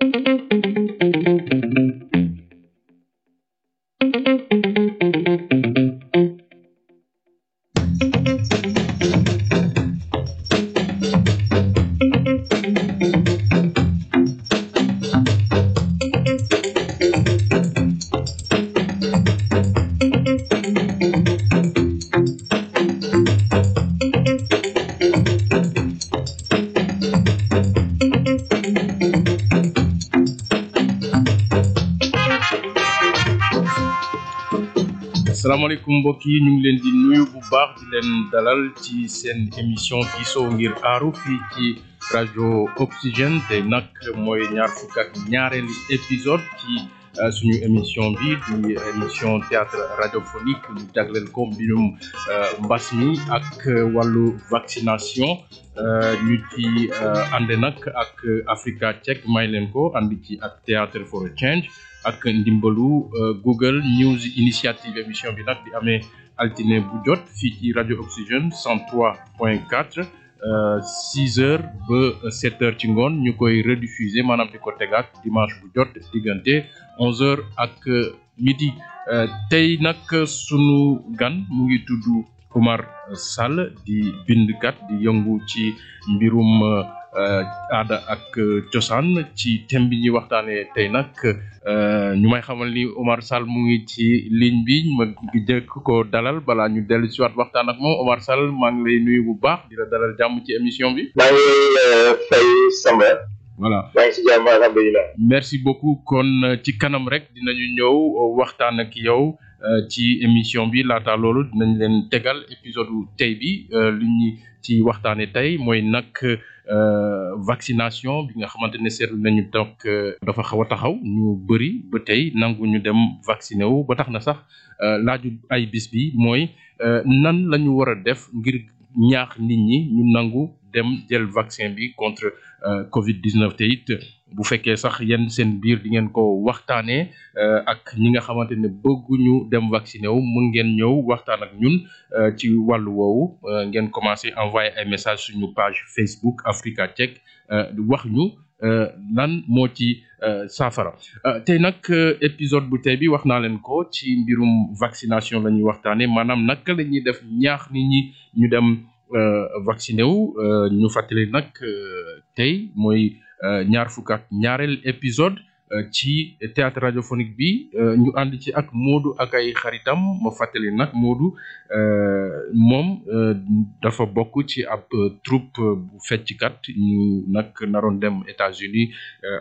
thank you mbokk yi ñu ngi leen di nuyu bu baax di leen dalal ci seen émission sow ngir aaru fii ci rajo Oxygène te nag mooy ñaar fukk ak ñaareelu épisode ci euh, suñu émission bi di émission théâtre radiophonique ñu jagleel ko mbirum euh, mbas mi ak wàllu vaccination euh, ñu ci ànd nag ak Africa Check may leen ko ànd ci ak Théâtre for a ak ndimbalu euh, Google News Initiative émission bi nag di amee altine bu jot fii ci rajo Oxygène 103 point 4 6 euh, heures ba 7 ci ngoon ñu koy rediffuser maanaam di ko tegaat dimanche bu jot diggante 11 heures ak euh, midi tey nag sunu gan mu ngi tudd Oumar Sall di bindkat di yëngu ci mbirum. aada euh, ak euh, cosaan ci thème bi ñuy waxtaanee tey nag euh, ñu may xamal ni Omar Sall mu ngi ci ligne bi ma jëkk ko dalal balaa ñu dellu si waxtaan ak moom Omar Sall maa ngi lay nuyu bu baax di la dalal jàmm ci émission bi. maa ngi fay sama voilà maa ngi si jàmm alhamdulilah merci beaucoup kon ci kanam rek dinañu ñëw waxtaan ak yow. ci émission bi laata loolu dinañ leen tegal épisode tey bi li ñuy ci waxtaan waxtaane tey mooy nag euh, vaccination bi nga xamante ne seetlu nañu toog euh, dafa xaw a taxaw ñu bëri ba tey nangu ñu dem vacciné wu ba tax na sax euh, laaju ay bis bi mooy nan la ñu war a def ngir ñaax nit ñi ñu nangu dem jël vaccin bi contre Covid 19 te it bu fekkee sax yéen seen biir di ngeen ko waxtaanee euh, ak ñi nga xamante ne bëgguñu dem vacciné wu mun ngeen ñëw waxtaan ak ñun euh, ci wàllu woowu euh, ngeen commencé envoyé ay message suñu page Facebook Africa Check wax ñu lan moo ci saafara tey nag épisode bu tey bi wax naa leen ko ci mbirum vaccination la ñuy waxtaanee maanaam naka la ñuy def ñaax ni ñi ñu dem vacciné wu ñu fàttali nag tey mooy. Euh, ñaar fukk ñaareel épisode euh, ci théâtre radiophonique bi euh, ñu ànd ci ak Modou ak ay xaritam ma fàttali nag Modou moom dafa bokk ci ab troupe bu fecckat ñu nag naroon dem États-Unis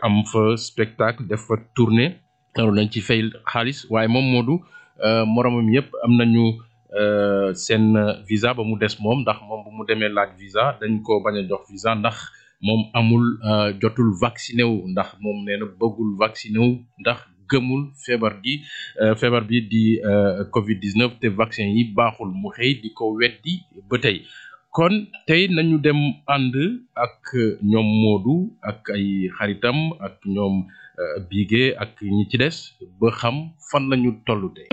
am fa spectacle def fa tournée naroon nañ ci fay xaalis waaye moom Modou moromam yëpp am nañu seen visa ba mu des moom ndax moom bu mu demee laaj visa dañ ko bañ a jox visa ndax. moom amul euh, jotul vacciné wu ndax moom nee na bëggul vacciné wu ndax gëmul feebar gi euh, feebar bi di euh, Covid 19 te vaccin yi baaxul mu xëy di ko weddi ba tey kon tey nañu dem ànd ak ñoom Moodu ak ay xaritam ak ñoom Bigué ak ñi ci des ba xam fan lañu tollu tey.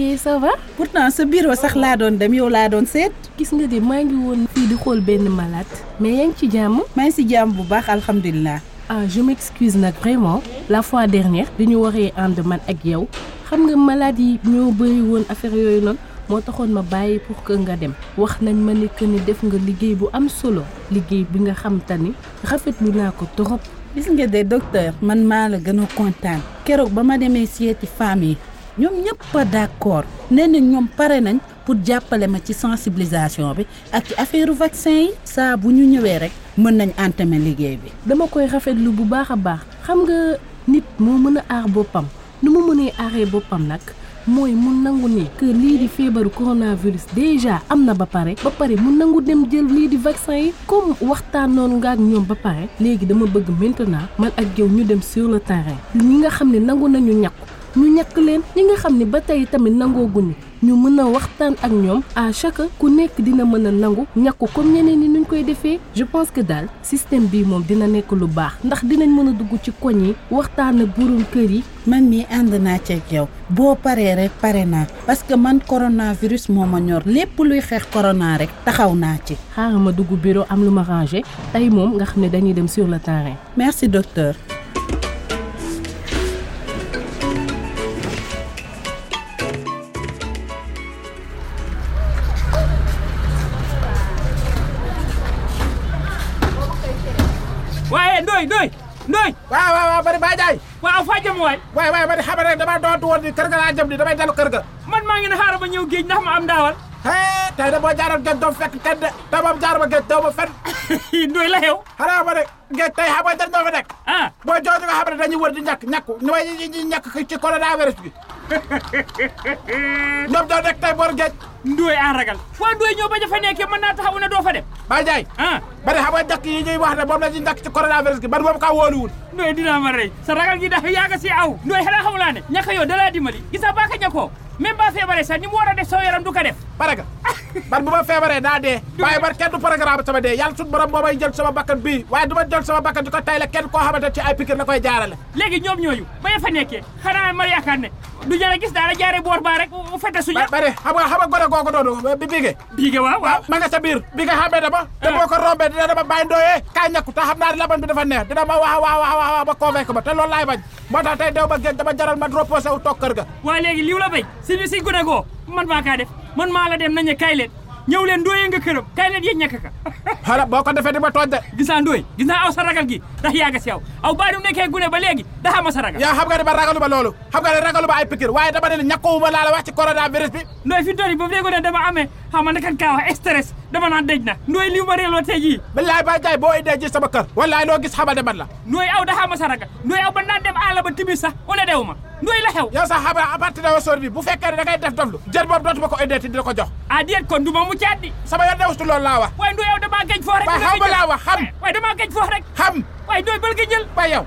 liggéey ça va. pourtant sa bureau sax laa doon dem yow laa doon seet. gis nga de maa ngi woon fii di xool benn malaat mais yaa ngi ci jàmm. maa ngi si jàmm bu baax alhamdulilah. ah je m'excuse nag vraiment la fois dernière bi ñu waree ànd man ak yow xam nga malade yi ñoo bëri woon affaire yooyu noonu. moo taxoon ma bàyyi pour que nga dem wax nañ ma ni que ni def nga liggéey bu am solo liggéey bi nga xam te ni rafetlu naa ko trop. gis nga de docteur man maa la gën a kontaan keroog ba ma demee seeti femme yi ñoom ñëpp a d'accord nee nañ ñoom pare nañ pour jàppale ma ci sensibilisation bi ak ci affaire vaccin yi saa bu ñu ñëwee rek mën nañ entamer liggéey bi. dama koy rafetlu bu baax a baax xam nga nit moo mën a aar boppam nu mu mënee aaree boppam nag. mooy mu nangu ne kër lii di feebaru coronavirus déjà am na ba pare ba pare mu nangu dem jël lii di vaccin yi comme waxtaanoon nga ak ñoom ba pare léegi dama bëgg maintenant man ak yow ñu dem sur le terrain nga xam ne nangu nañu ñàkku ñu ñàkk leen ñi nga xam ni ba tey tamit nangoo guñu ñu mën a waxtaan ak ñoom à chaque ku nekk dina mën a nangu ñàkku comme ñeneen ñi nuñ koy defee je pense que daal système bi moom dina nekk lu baax ndax dinañ mën a dugg ci koñ yi waxtaan ak borom kër yi. man mii ànd naa ci ak yow boo paree rek pare naa parce que man coronavirus moo ma ñor lépp luy xeex corona rek taxaw naa ci. xaaral ma dugg bureau am lu ma rangé tey moom nga xam ne dañuy dem sur le terrain. merci docteur. ndoy ndoy ndoy waaw waaw waaw bari Baye Ndiaye waaw faa jëm waay waay waay bari xamal dama doontu woon ni kër ga laa jëm ni damay dellu maa ngi ne xaaral ba ñëw géej ndax ma am daawal hee tey da boo jaaroon géej doo fekk kenn de te moom jaar ba géej doo fen ndoy la xew xanaa ma ne géej tey xam nga dañ doo fa nekk ah boo jooju nga xam ne dañuy wër di ñoom doo nekk tey bor géej ndooy a ragal waa ndooy ñoo ba jafe nekkee mën naa taxaw ne doo fa dem Baye Ndiaye ah ba de xam nga dakk yi ñuy wax ne moom la ñuy dakk ci gi man moom kaa wóoluwul ndooy dinaa ma rey sa ragal gi dafa yaaga si aw ndooy xanaa xamulaa ne ñaka yow dalaa dimbali gis nga baaka ñakoo même ba feebaree sax ni mu war a def sama yaram du ko def paraga man bu ma feebaree naa dee waaye man kenn du programme sama dee yàlla suñu borom moo may jël sama bakkan bii waaye du ma jël sama bakkan di ko tay la kenn koo ci ay pikir la koy jaarale léegi ñoom ñooyu ba fa nekkee xanaa ma yaakaar ne du jële gis daal jaare boor baa rek fete suñu bare xam nga xam nga gone bi biige biige waaw waaw ma nga sa biir bi nga dama te ah. boo ko dina dama ne laban bi dafa neex ma wax wax wax wax tax tey dew ma génn dama jaral ma reposé wu toog kër ga waaw léegi la bay service yi gone goo man maa kaa def man maa la dem nañu ne ñëw leen ndooyee nga këram kay leen yéen ñàkk ka xala boo ko defee di ma tooj de gis naa ndooy aw sa ragal gi ndax yaa nga si aw aw baa num nekkee gune ba léegi daxa sa ragal yaa xam nga ba ragalu ba loolu xam nga ragalu ba ay pikir waaye dama ne la ñàkkuwuma laa la wax ci coronavirus bi ndooy fi tool ba léegi ne dama amee xam nga nakan kaa wax naan dëj na ndooy li ma reeloo tey jii billaay ba jaay boo indee ji sa ba naan dem àll ba timis sax wala la caat di sama yoon dewustu loolu laa wax waaye ndu yow damaa gëj foofu rek waaye xam laa wax xam waaye damaa gëj foofu rek xam waaye dooy bal nga jël waaye yow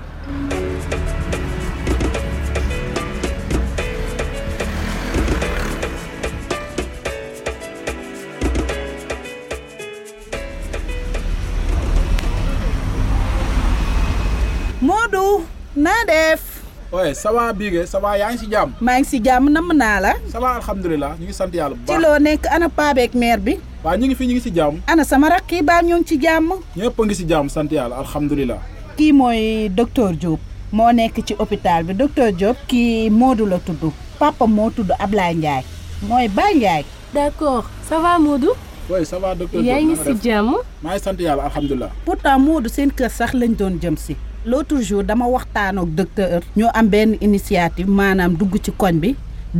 oui ça va Bigué ça yaa ngi si jàmm. maa ngi si jàmm namm naa la. ça va alhamdulilah ñu ngi sant yàlla bu baax. ci loo nekk ana paabeeg maire bi. waaw ñu ngi fi ñu ngi si jàmm. ana sama rakk yi baa ñoo ngi ci jàmm. ñëpp a ngi si jàmm sant yàlla alhamdulilah. kii mooy docteur Diop. moo nekk ci hôpital bi docteur Diop. kii Modou la tudd. papa moo tudd Ablaye Ndiaye. mooy Baye Ndiaye. d'accord ça va Modou. oui ça va docteur Diop yaa ngi si jàmm. maa ngi sant yàlla alhamdulilah. pourtant Modou seen kër sax lañ doon jëm si. l'autre jour dama waxtaan ak ñoo am benn initiative maanaam dugg ci koñ bi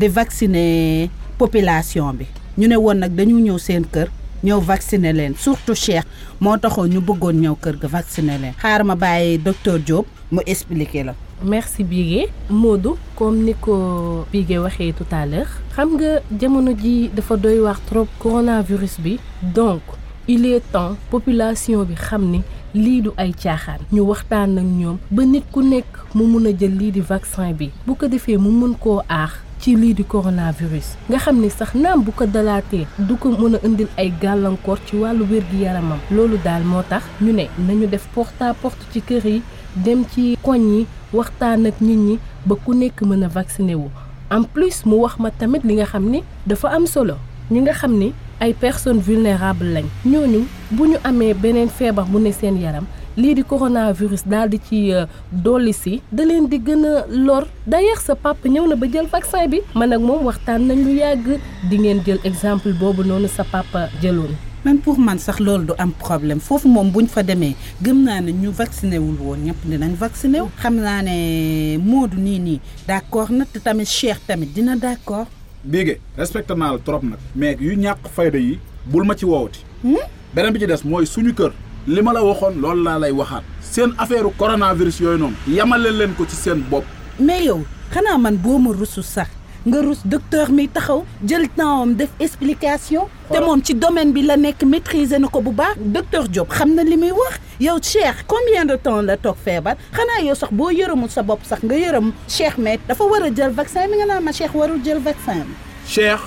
di vacciner population bi ñu ne woon nag dañu ñëw seen kër ñëw vacciner leen surtout Cheikh moo taxoo ñu bëggoon ñëw kër ga vacciner leen xaar ma bàyyi docteur Diop mu expliquer la merci Bigué Modou comme ni ko Bigué waxee tout à l'heure xam nga jamono ji dafa doy wax trop coronavirus bi donc il ton temps population bi xam ne lii du ay caaxaan ñu waxtaan ak ñoom ba nit ku nekk mu mun a jël lii di vaccin bi bu ko defee mu mun koo aax ci lii di coronavirus nga xam ne sax naam bu ko dalaatee du ko mën a indil ay gàllankoor ci wàllu wér-gi-yaramam loolu daal moo tax ñu ne nañu def porte porte ci kër yi dem ci koñ yi waxtaan ak nit ñi ba ku nekk mën a vacciné wu en plus mu wax ma tamit li nga xam ni dafa am solo ñi nga xam ni ay personnes vulnérables lañ ñooñu bu ñu amee beneen feebar bu ne seen yaram lii di coronavirus daal di ci euh, dolli si da leen di gën a lor dayax sa papa ñëw na ba jël vaccin bi man ak moom waxtaan nañ lu yàgg di ngeen jël exemple boobu noonu sa papa jëloon. même pour man sax loolu du am problème foofu moom bu ñu fa demee gëm naa ne ñu vacciné wul woon ñëpp dinañ vacciné wu. xam naa ne Modou nii nii d'accord na te tamit Cheikh tamit dina d'accord. Bigué respecté naa la trop nag mais yu ñàkk fayda yi bul ma ci woowati hmm? beneen bi ci des mooy suñu kër li ma la waxoon loolu laa lay waxaat seen affaire coronavirus yooyu noonu yamale leen ko ci seen bopp mais yow xanaa man boo ma rusu sax nga ruus docteur mi taxaw jël temps def explication. te moom ci domaine bi la nekk maîtriser na ko bu baax. docteur Diop xam na li muy wax yow Cheikh combien de temps la toog feebar xanaa yow sax boo yërëmul sa bopp sax nga yërëm Cheikh mais dafa war a jël vaccin bi nga naan ma Cheikh warul jël vaccin bi. Cheikh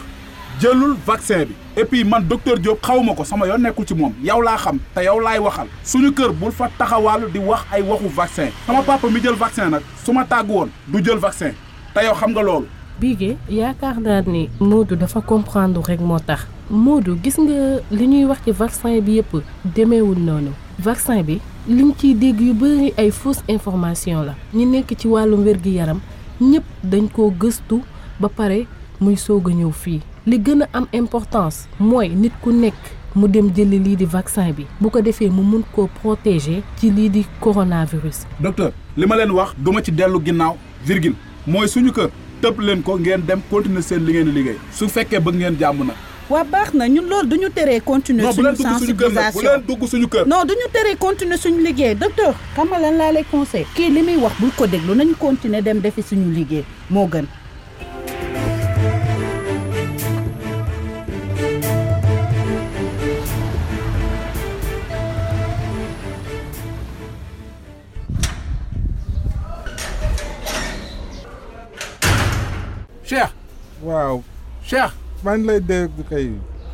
jëlul vaccin bi. et man docteur Diop xawuma ko sama yoon nekkul ci moom yow laa xam te yow laay waxal suñu kër bul fa taxawaalu di wax ay waxu vaccin sama papa mi jël vaccin nag su ma tàgg woon du jël vaccin te xam nga loolu. Bigué yaakaar naa ni Modou dafa comprendre rek moo tax Modou gis nga li ñuy wax ci vaccin bi yëpp demeewul noonu vaccin bi liñ ciy dégg yu bëri ay fausse information la ñu nekk ci wàllum wér yaram ñëpp dañ koo gëstu ba pare muy soog a ñëw fii li gën a am importance mooy nit ku nekk mu dem jëli lii di vaccin bi bu ko defee mu mun koo protéger ci lii di coronavirus docteur li ma leen wax duma ci dellu ginnaaw virgule mooy suñu kër tëb leen ko ngeen dem continuer seen ngeen di liggéey su fekkee bëgg ngeen jàmm nag. waa baax na ñun loolu du teree continuer suñu sensibilisation bu leen dugg suñu kër non du ñu teree continuer suñu liggéey docteur xam nga lan laa lay conseil kii li muy wax bul ko déglu nañu continuer dem defe suñu liggéey moo gën waaw Cheikh. maa ngi lay dégg kay.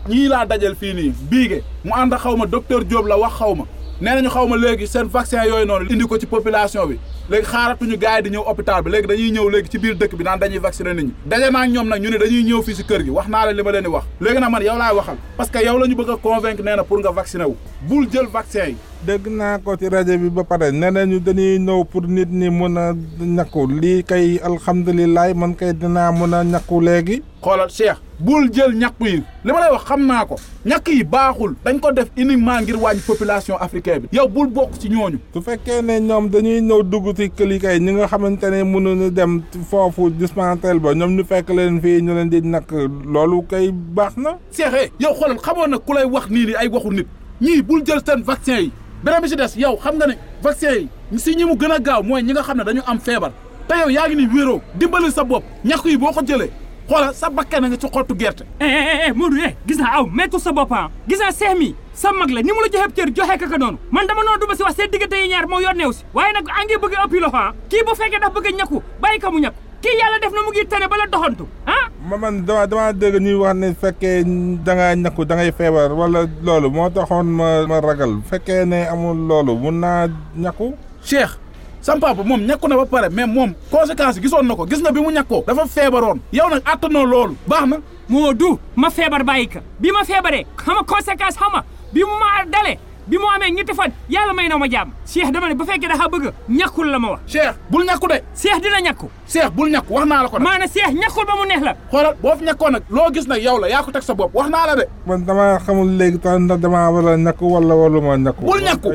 ñii laa dajal fii nii biige mu ànd xaw ma docteur Diop la wax xaw ma nee nañu xaw ma léegi seen vaccin yooyu noonu indi ko ci population bi léegi xaaratuñu gars yi di ñëw hôpital bi léegi dañuy ñëw léegi ci biir dëkk bi naan dañuy vacciner nit ñi daje naa ñoom nag ñu ne dañuy ñëw fii si kër gi wax naa leen li ma leen di wax léegi nag man yow laay waxal parce que yow la ñu bëgg a convaincre nee na pour nga vacciner wu bul jël vaccin yi dégg naa ko ci rajo bi ba pare nee nañu dañuy nëw pour nit ñi mën a ñàkku lii kay alhamdulilah man kay dinaa mën a ñàkku léegi. xoolal Cheikh bul jël ñàkk yi li ma lay wax xam naa ko ñàkk yi baaxul dañ ko def uniquement ngir wàññi population africaine bi yow bul bokk ci ñooñu. su fekkee ne ñoom dañuy nëw dugg ci këli kay ñi nga xamante ne mënuñu dem foofu dispensaire ba ñoom ñu fekk leen fii ñu leen di nak loolu kay baax na. Cheikh eh, yow xoolal xamoon na ku lay wax nii ni ay waxu nit ñii bul jël seen vaccin yi. beneen bi ci des yow xam nga ne vaccin yi si ñi mu gën a gaaw mooy ñi nga xam ne dañu am feebar te yow yaa ngi ni wéeroo dimbali sa bopp ñax yi boo ko jëlee xoola sa bakkan na nga ci xottu gerte eh, eh, eh, Modou eh gis naa aw mettu sa bopp ah. gis naa seex mi sa mag la ni mu la joxee cër joxee kaka noonu man dama noonu duma si wax seen diggante yi ñaar moo yónneew si waaye nag a ngi bëgg ëppi loxo ah. kii bu fekkee daf bëgg a ñakku bàyyi ka mu ñakku kii yàlla def na mu ngi tane bala doxantu ah. ma man dama dama dégg ñuy wax ne fekkee da ngaa ñàkku da ngay feebar wala loolu moo taxoon ma ma ragal fekkee ne amul loolu mun naa ñàkku. Cheikh sam papa moom ñàkku na ba pare mais moom conséquence gisoon na ko gis na bi mu ñàkkoo dafa feebaroon yow nag attanoo loolu baax na. moo du ma feebar bàyyi ka bi ma feebaree xama conséquence xama bi mu ma dalee. bi mu amee ñetti fan yàlla may na ma jàmm Cheikh dama ne bu fekkee dafa bëgg ñàkkul la ma wax Cheikh bul ñàkku de Cheikh dina ñàkku Cheikh bul ñàkku wax naa la ko nag maanaam Cheikh ñàkkul ba mu neex la xoolal boo fi nag loo gis nag yow la yaa ko teg sa bopp wax naa la de man damaa xamul léegi tan ndax damaa war a ñàkku wala walu ma ñàkku bul ñàkku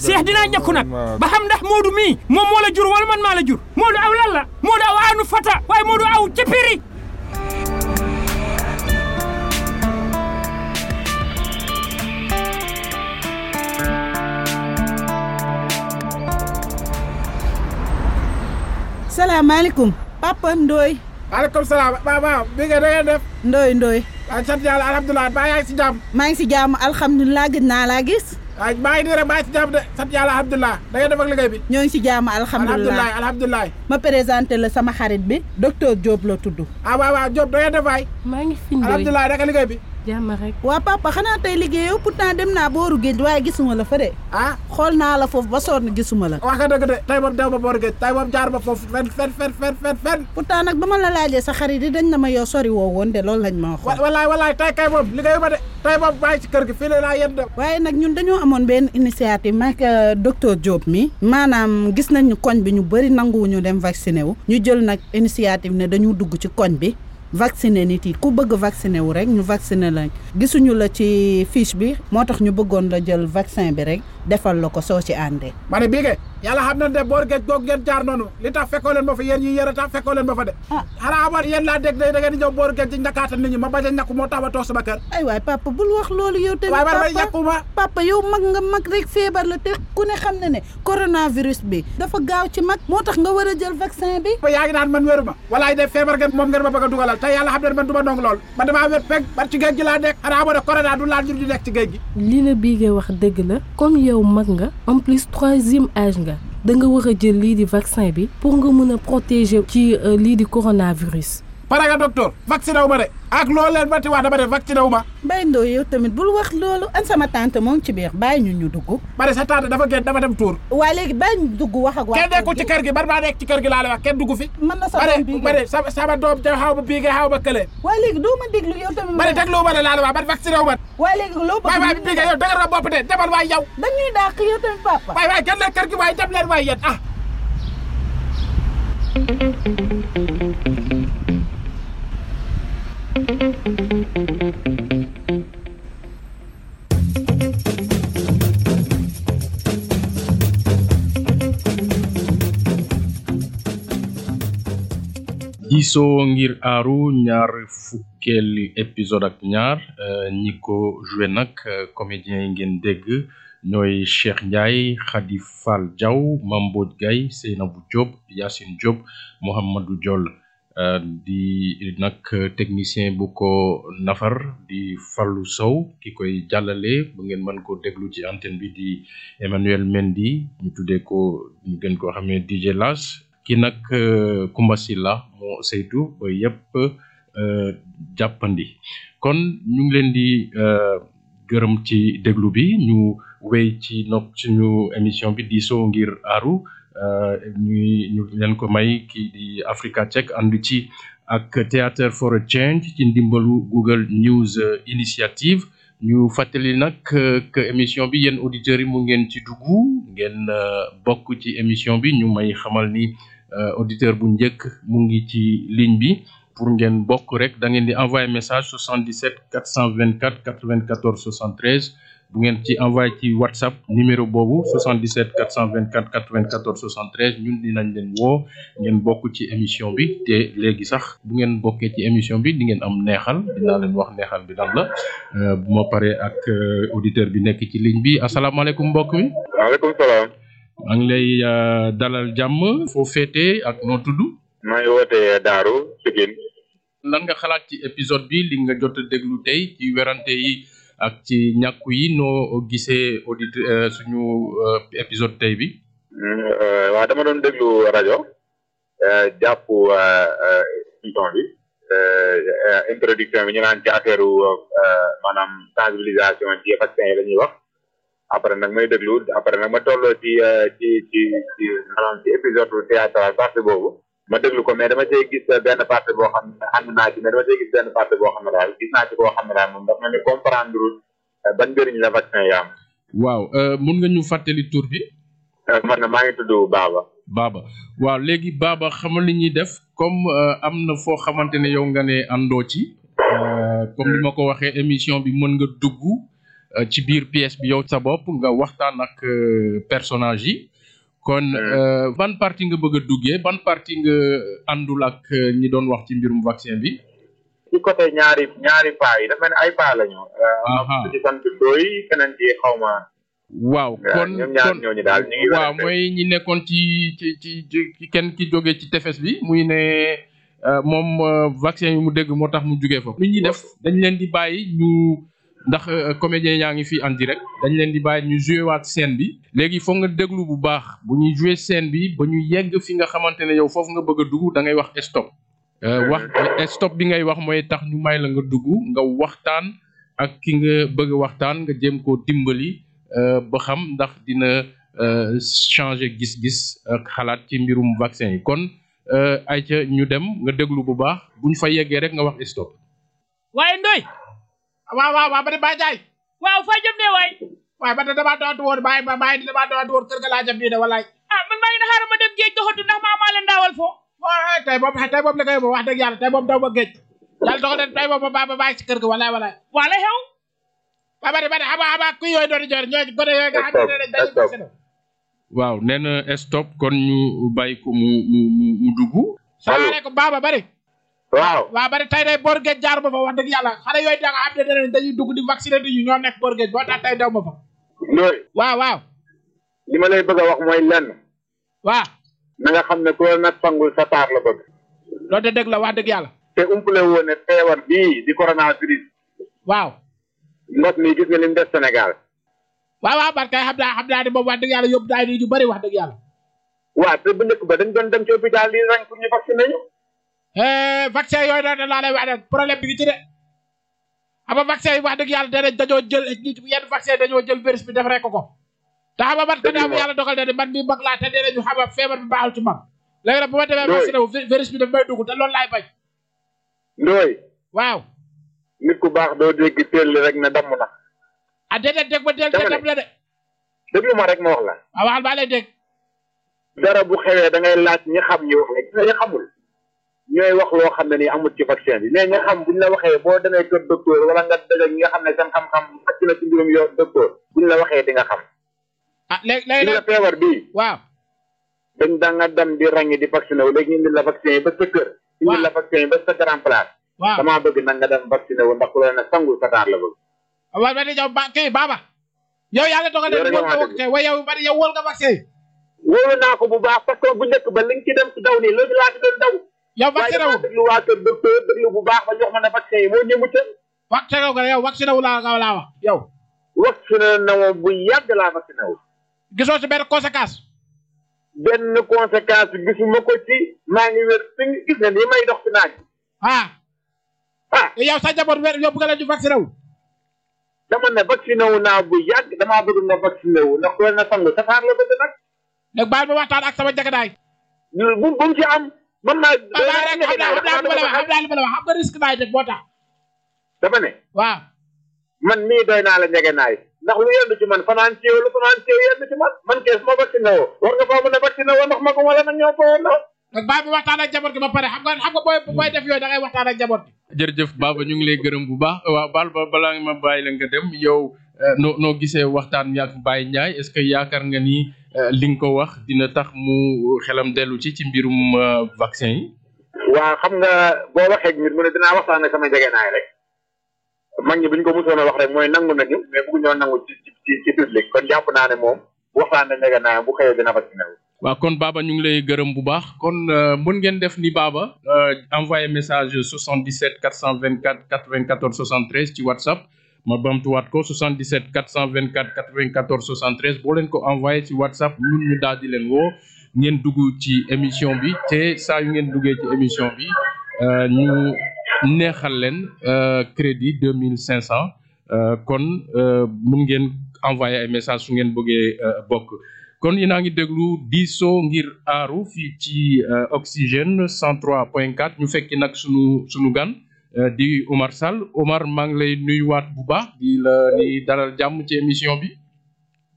Cheikh dinaa ñàkku nag ba xam ndax Modou mii moom moo la jur wala man maa la jur Modou aw lan la salaamaaleykum. papa Ndoye. maaleykum salaam waaw waaw bi nga da ngeen def. Ndoye Ndoye. waaw sant yàlla alhamdulilah baa yaa ngi si jàmm. maa ngi si jàmm alhamdulilah gis naa laa gis. waaw maa ngi nii rek maa ngi si jàmm de sant yàlla alhamdulilah def ak liggéey bi. ñoo ngi si jàmm alhamdulilah alhamdulilah ma présenté la sama xarit bi. docteur Diop la tudd. ah waaw waaw Diop da ngeen def waay. maa ngi fi Ndoye alhamdulilah jàmm rek. waa papa xanaa tey liggéeyoo pourtant dem naa booru géej waaye gisuma la fa de. ah xool naa la foofu ba sonn gisuma la. wax nga dëgg de tey moom dew ba booru géej tey moom jaar ba foofu fen fen fen fen fen fen. pourtant nag ba ma la laajee sa xarit yi dañ na ma yow sori woo woon de loolu lañ ma waxoon. walaay walaay tey kay moom liggéeyu ma de tey moom bàyyi ci kër gi fii la laa yéen de. waaye nag ñun dañoo amoon benn initiative maak euh, docteur Diop mi. maanaam gis nañu koñ bi ñu bëri nanguwuñu dem vacciné wu. ñu jël nag initiative ne dañu dugg ci koñ bi vacciner nit yi ku bëgg vacciner wu rek ñu vacciner lañ gisuñu la ci fiche bi moo tax ñu bëggoon la jël vaccin bi rek defal la ko soo ci àndee. ma ne bii yàlla xam na ne boor géej googu ngeen jaar noonu li tax fekkoo leen ma fa yéen ñi yére tax fekkoo leen ma fa de ah. xanaa amoon yéen laa dégg da ngeen di ñëw boor géej ji ñakkaata nit ñi ma bañ a ñàkk moo tax ma toog sama kër ay waay yow mag nga mag rek feebar la te ku ne xam na ne coronavirus bi dafa gaaw ci mag moo tax nga war a jël vaccin bi yaa ngi naan man wéru ma walaay de feebar ngeen moom ngeen ma bëgg a dugalal te yàlla xam ne man da nga war a jël lii di vaccin bi pour nga mën a protéger ci euh, lii di coronavirus. pare nga docteur vacciné wu ma de ak loolu leen bati wax dama de vacciné wu ma Mbaye Ndoye yow tamit bul wax loolu an sama tante moo ngi ci biir bàyyi ñu ñu dugg bari sa tante dafa génn dafa dem tuur waa léegi bàyyi ñu dugg wax ak waa kenn nekkul ci kër gi man maa nekk ci kër gi laa lay wax kenn dugg fi mën na sa doom bii bari sa sama doom da xaw ma bii nga xaw ma kële waa léegi doo ma déglu yow tamit bari déglu ma la laa la wax man vacciné wu ma waa na bopp de demal waay yow dañuy dàq yow tamit papa waay waay kenn kër diisoo ngir aaru ñaar fukkeeli épisode ak ñaar euh, ñi ko joué nag euh, comédiens yi ngeen dégg ñooy Cheikh Ndiaye Khady Fall Diaw Mame Mbodj Gaye Seynabou Diop Yacine Diop Mouhamadou Diol Euh, di nag technicien bu ko nafar di falu Sow ki koy jàllale bu ngeen mën ko déglu ci antenne bi di Emmanuel Mendy ñu tuddee ko ñu gën koo xamee DJ Las ki nag Kumba euh, Silla moo saytu ba yépp euh, jàppandi kon ñu ngi leen di gërëm ci déglu bi ñu wéy ci nopp suñu émission bi di soo ngir aaru Euh, ñuy ñu leen ko may kii di Africa Check ànd ci ak Theatre for a Change ci ndimbalu Google News euh, Initiative ñu fàttali nag que émission bi yéen auditeurs yi mu ngeen ci dugg ngeen euh, bokk ci émission bi ñu may xamal ni auditeur bu njëkk mu ngi ci ligne bi pour ngeen bokk rek da ngeen di envoyer message 77 424 94 73. bu ngeen ci envoyé ci whatsapp numéro boobu 77 424 94 73 ñun dinañ leen woo ngeen bokk ci émission bi te léegi sax bu ngeen bokkee ci émission bi di ngeen am neexal dinaa leen wax neexal bi lan la euh, bu ma paree ak euh, auditeur bi nekk ci ligne bi asalaamaaleykum mbokk mi. waaleykum salaam. maa ngi lay euh, dalal jàmm. foo féetee ak noo tudd. maa ngi wootee Daaru Pikine. lan nga xalaat ci épisode bi li nga jot a déglu tey ci werante yi. ak ci ñàkku yi noo gisee audit euh, suñu euh, épisode tey bi. Euh, waaw dama doon déglu rajo jàpp émission bi introduction bi ñu naan ci affaire maanaam sensibilisation ci vaccin yi la ñuy wax après nag may déglu après nag ma tolloo ci ci ci ci maanaam ci épisode théâtral partie boobu. ma déglu ko mais dama cee benn partie boo xam ne ànd naa ci gis benn partie boo xam ne daal gis naa ci boo xam ne daal moom dafa mel ni comprendre euh, ban njëriñ la vaccin yi am. waaw euh, mun nga ñu fàttali tur bi. Euh, man maa ngi tudd Baba. Baba waaw léegi baaba xamal li ñuy def comme am na foo xamante ne yow nga ne àndoo ci. comme ni ma ko waxee émission bi mën nga dugg ci biir pièce bi yow sa bopp nga waxtaan ak personnage yi. kon euh. Euh, ban parti nga bëgg duggee ban parti nga àndul ak euh, ñi doon wax ci mbirum vaccin bi. ci côté ñaari ñaari paa yi dafa mel ay paa la ñu. ci sant dooy keneen ci xaw waaw mooy ñi nekkoon ci ci ci kenn ki jógee ci tefes bi muy ne. moom vaccin yi mu dégg moo tax mu jógee foofu. li ñuy def dañ leen di bàyyi ñu. ndax euh, comédien yaa ngi fii en direct dañ leen di bàyyi ñu joué waat scène bi léegi foog nga déglu bu baax bu ñuy joué scène bi ba ñu yegg fi nga xamante ne yow foofu nga bëgg a dugg da ngay wax stop euh, euh, wax stop bi ngay wax mooy tax ñu may la dugg nga waxtaan ak ki nga bëgg waxtaan nga jéem koo dimbali ba xam ndax dina changer gis-gis xalaat ci mbirum vaccin yi kon ay ca ñu dem nga déglu bu baax bu fa yeggee rek nga wax stop waaye Ndoye waaw waaw waaw ba di Baye Ndiaye. waaw foo jëm ne waay. waaye damaa doon woon Baye Baye damaa doon woon kër ga laa jëm nii de walaay. ah man maa ngi xaaral ma dem géej doxatu ndax maa maa leen daawal foo. waaw tey boobu tey boobu la koy wax dëgg yàlla tey boobu daw ma géej. yàlla dogal na tey boobu ba ba bàyyi ci kër ga walaay walaay. waa la xew. waaw ba di aba aba ku yooyu doon joor ñooñu gone yooyu nga xam ne dañuy gis. waaw nee stop kon ñu ko mu mu waaw waaw bari tey day borgéej jaar ma fa wax dëgg yàlla xale yooyu da nga xam ne dañuy dugg di vacciné di ñu ñoo nekk borgéej boo tax tey daw ma fa li ma lay bëgg wax mooy lenn xam ne ku la nag fangul sa la bëgg loolu de wax dëgg yàlla te umpale woon ne feebar bii di coronavirus waaw ndox mi gis nga li mu def Sénégal waaw waaw bari xam naa xam naa ne moom wax dëgg yàlla yóbbu daay nii ñu bëri wax dëgg yàlla waaw te bu njëkk ba dañ doon dem ci hôpital rek pour ñu vacciné ñu Eh, vaccin yooyu da laa lay wax ne problème bi ngi ci de aba ah, vaccin yi wax dëgg yàlla dee dañoo jël yenn vaccin dañoo jël virus bi def rek ko te a man ka am yàlla dogal ne man mii mag laa te ma demee vacciné wu bi daf may dugg waaw nit ku baax doo dégg teel li rek ne damm na ah déedéet dégg ma teel te damm na de déglu ma rek ma a la ah, waaw waxal maa lay dara bu xewee da ngay laaj ñi xam ñi wax la ñi xamul ñooy wax loo xam ne nii amul ci vaccin bi mais nga xam buñ la waxee boo demee kër docteur wala nga dajeg ñi nga xam ne seen xam-xam fàcc na ci mbirum yoon docteur buñ la waxee di nga xam ah léegi léegi la feebar bii waaw dañ da nga dem di ràññi di vacciné wu léegi ñu la vaccin yi ba sa kër la vaccin yi ba sa grand place waaw damaa bëgg nag nga dem vacciné wu ndax ku la ne sangul la bëgg waaw ba di jaw ba kii baaba yow yàlla dogal na wóor nga vaccin waaye yow bari yow naa ko bu baax parce que bu njëkk ba liñ ci dem ci daw nii loolu laa ci daw yow vacciné wu déglu bu baax ba jox ma ne vaccin yi boo ñëw ca. vacciné wu si yow vacciné wu laa laa wax yow. vacciné na ma bu yàgg laa vacciné wu. gisoo benn conséquence. benn conséquence ko ci maa ngi wér fi gis nga ni may dox ci naaj. ah. ah yow sa njaboot wér yow bëgg la ñu vacciné wu. dama ne vacciné wu naa bu yàgg damaa bëgg na vacciné wu ndax ku leen a sang safaar la bëgg nag. nag baal ma waxtaan ak sama jagadaay. bu bu mu ci am. mën naa. xam naa lu ma la wax xam nga risque baay def boo tax. dama ne. waaw. mii doy naa la ñege naay ndax lu yendu ci man fanaan ci yow lu fanaan ci ma a vacciné woo ndax ma ko wala nag ñoo ko woon ndax. nag baay bi waxtaan gi ba pare xam nga xam nga booy booy def yooyu da ngay waxtaan ak jaboot gi. jërëjëf Baba ñu ngi lay gërëm bu waaw Baal balaa ma bàyyi la nga dem yow Euh, no noo gisee waxtaan wi ak Baye Ndiaye est yaakaar nga ni euh, li nga ko wax dina tax mu xelam dellu ci ci mbirum euh, vaccin yi. waa xam nga boo waxee mbir mu ne dinaa waxtaan ak sama njëgënaay rek mag ñi buñ ko musoon a wax rek mooy nangu nañu mais bëgg ñoo nangu ci ci ci public kon jàpp naa ne moom waxtaan na njëgënaayam bu xëyee dina vacciné wu. waaw kon Baba ñu ngi lay gërëm bu baax kon mën ngeen def ni Baba envoyé message 77 424 94 73 ci WhatsApp. ma bamtuwaat ko 77 424 94 73 boo leen ko envoyé ci whatsapp ñun ñu daal di leen woo ngeen dugg ci émission bi te saa yu ngeen duggee ci émission bi euh, ñu neexal leen euh, crédit 2500 euh, kon mun ngeen envoyé ay message su ngeen bëggee bokk kon yi naa ngi déglu diisoo ngir aaru fii ci Oxygène 103 point 4 ñu fekki nag sunu sunu gan Euh, di Omar Sall Omar maa ngi lay nuyuwaat bu baax di la dalal jàmm ci émission bi.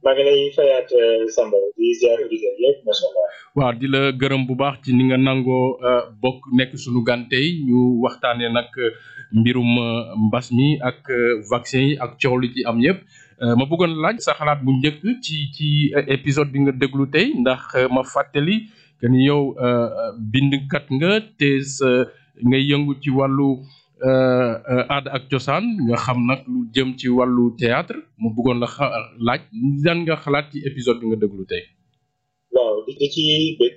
maa euh, di waaw di la gërëm bu baax ci ni nga nangoo euh, bokk nekk suñu gàntey ñu waxtaanee nag mbirum mbas mi ak vaccin yi ak coow li ci am yëpp. ma bëggoon laaj sa xalaat bu njëkk ci ci épisode bi nga déglu tey ndax ma fàttali que ni yow bindkat nga te sa ngay yëngu ci wàllu. Euh, euh, aada ak cosaan nga xam nag lu jëm ci wàllu théâtre mu bëggoon la laaj lan nga xalaat ci épisode bi nga déglu tey. waaw di ci bëgg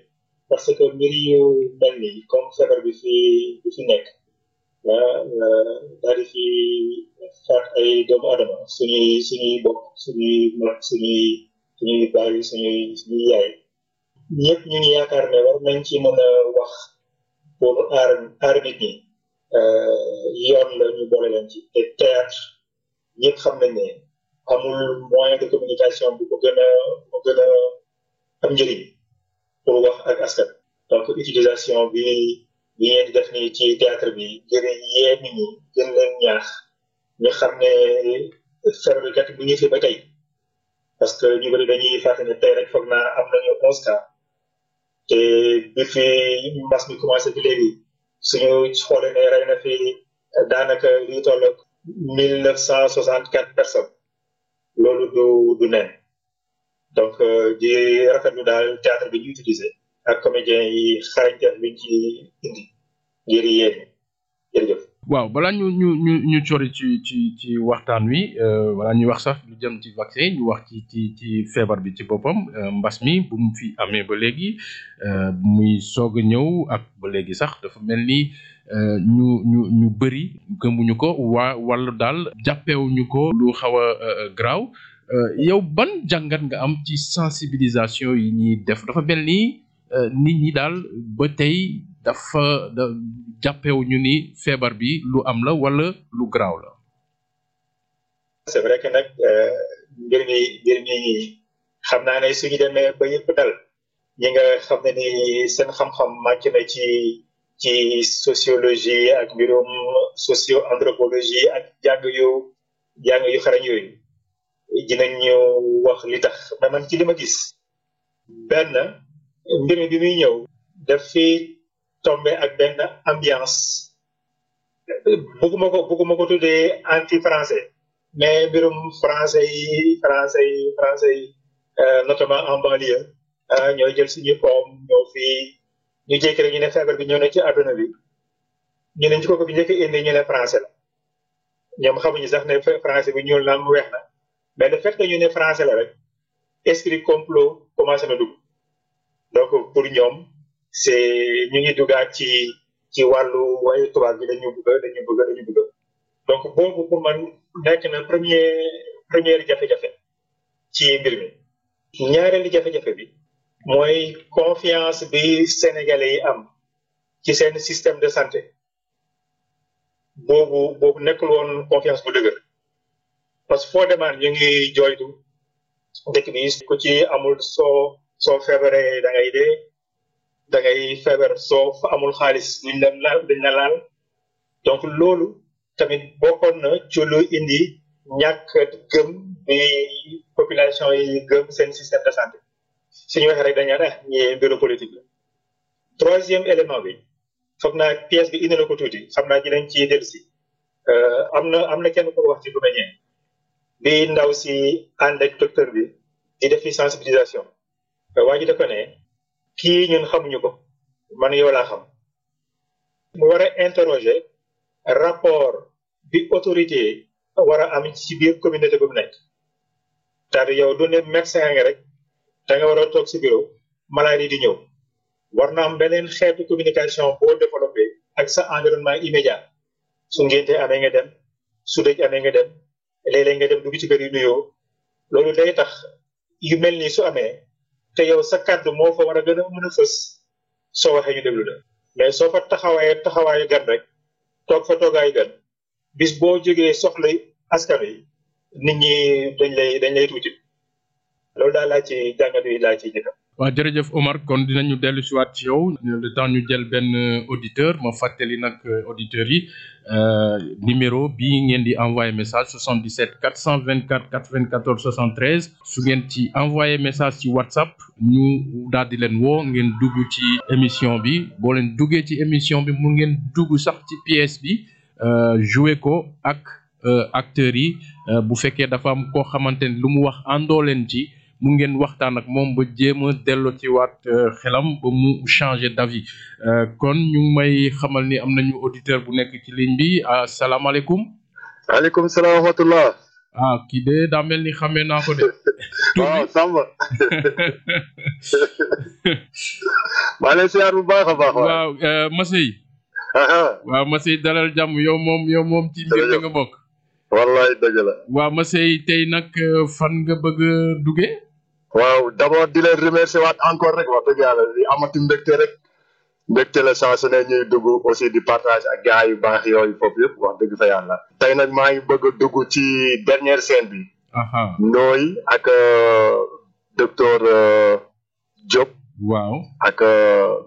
parce que mbir yu mel nii comme feebar bi fi bi fi nekk daal di fi faat suñuy suñuy bokk suñuy mag suñuy suñuy yaay ñëpp ñu yaakaar ne war nañ ci mën a wax pour aar aar nit ñi. Euh, yoon la ñu boole leen ci te théâtre ñëpp xam nañ ne amul moyen de communication bu ko gën am njëriñ pour wax ak askan donc utilisation bi bi ngeen ci théâtre bi gën a ñi ñaax ñu xam ne feebar kat bu ñu fi ba parce que ñu bëri dañuy fàttali ne tey rek foog naa am nañu onze cas te bi fi mbas mi commencé bi léegi suñu xoolee ne rey na eh, daanaka li toll ak mille neuf cent soixante quatre personnes loolu du du nen donc euh, di rafetlu daal théâtre bi ñu utilisé ak comédiens yi xarañteef bi ñu ci indi ngir yéen jërëjëf. waaw balaa ñu ñu ñu ñu sori ci ci ci waxtaan wi euh, wala ñuy wax sax lu jëm ci vaccin ñu wax ci ci ci feebar bi ci boppam euh, mbas mi bu fi amee ba léegi euh, muy soog a ñëw ak ba léegi sax dafa mel ni ñu ñu ñu bëri gëmuñu ko waa wàllu daal jàppewuñu ko lu xaw a garaaw yow ban jàngat nga am ci sensibilisation yi ñuy def dafa mel ni nit ñi daal ba tey. dafa da jàppewuñu ni feebar bi lu am la wala lu garaaw la. c'est vrai que nag euh, mbir mi xam naa ne suñu demee ba yëpp dal ñi nga xam ne ni seen xam-xam màcc na ci ci sociologie ak mbirum socio anthropologie ak jàng yu jàng yu xarañ yooyu dinañ ñu wax li tax mais man ci li gis benn mbir bi muy ñëw daf tombé ak benn ambiance bëgguma ko bëgguma ko tuddee anti français mais mbirum français yi français yi français euh, en banlieue euh, ñoo jël suñu poom ñoo fii ñu jékki rek ñu ne feebar bi ñëw na ci àdduna bi ñu ne ñu ko ko njëkk indi ñu ne français la ñoom xamuñu sax ne français bi ñuul na mu weex mais le fait que ñu ne français la rek esprit complot commencé na dugg donc pour ñoom c' ñu ngi dugaat ci ci wàllu waaye tubaab bi dañu bëgg dañu bëgg dañu bëgg donc boobu pour man nekk na premier jafe-jafe ci mbir mi ñaareelu jafe-jafe bi mooy confiance bi sénégalais yi am ci seen système de santé boobu boobu nekkul woon confiance bu dëgër parce que foo demaan ñu ngi jooytu dëkk bi ko ci amul soo soo feebaree da ngay dee da ngay feebar soo amul xaalis duñ la laal duñ la laal donc loolu tamit bokkoon na ci lu indi ñàkk gëm bi population yi gëm seen système de santé suñu waxee rek dañaa ne ah, ñii bureau politique la. troisième élément bi foog naa pièce bi indi na ko tuuti xam naa dinañ ci dellusi euh, am na am na kenn ko wax ci bu meññee bi ndaw si ànd ak bi di def sensibilisation euh, waa ji da ko ne. kii ñun xamuñu ko man yow laa xam mu war a interroger rapport bi autorité war a am ci biir communauté bu mu nekk cest yow du ne médecin ngi rek da nga war a toog si bureau maladie di ñëw war na am beneen xeetu communication boo développé ak sa environnement immédiat su ngénte amee nga dem su dëj amee ngi dem léeg-léeg nga dem dugg ci kër yi nuyoo loolu day tax yu mel nii su amee te yow sa kàddu moo fa war a gën a mën a fës soo waxee ñu déglu la mais soo fa taxawaaye taxawaayu gan rek toog fa toogaayu gan bis boo jegee soxla aska yi nit ñi dañ lay dañ lay tuuti loolu daal laa ci jàngat yi laa ci jëkkam waa jërëjëf Omar kon ñu dellu si waat yow le temps ñu jël benn euh, auditeur ma fàttali nag euh, auditeurs yi euh, numéro bi ngeen di envoyé message 77 424 94 73 su ngeen ci envoyé message ci WhatsApp ñu daal di leen woo ngeen dugg ci émission bi boo leen duggee ci émission bi mu ngeen dugg sax ci pièce bi jouer ko ak acteurs yi bu fekkee dafa am koo xamante ne lu mu wax àndoo leen ci. mu ngeen waxtaan ak moom ba jéem a delloo ci waat euh, xelam ba mu changer d'avis euh, kon ñu may xamal ni am nañu auditeur bu nekk ci ligne bi asalaamaaleykum. waaleykum salaam wa rahmatulah. ah kii de daa mel ni xamee naa ko de. waaw maa ngi lay siyaar bu baax a baax. waaw euh, Masey. waaw Masey dalal jàmm yow moom yow moom ci mbir mi nga bokk. wallaay dëgg la. waaw Masey tey nag fan nga bëgg a duggee. waaw d' abord di leen remercier waat encore rek wax dëgg yàlla di amati mbégte rek mbégte la saa su ne ñuy dugg aussi di partage ak gars yu baax yooyu foofu yëpp wax dëgg fa yàlla. tey nag maa ngi bëgg duggu ci dernière seen bi. nooy ak euh, docteur euh, Diop. waaw ak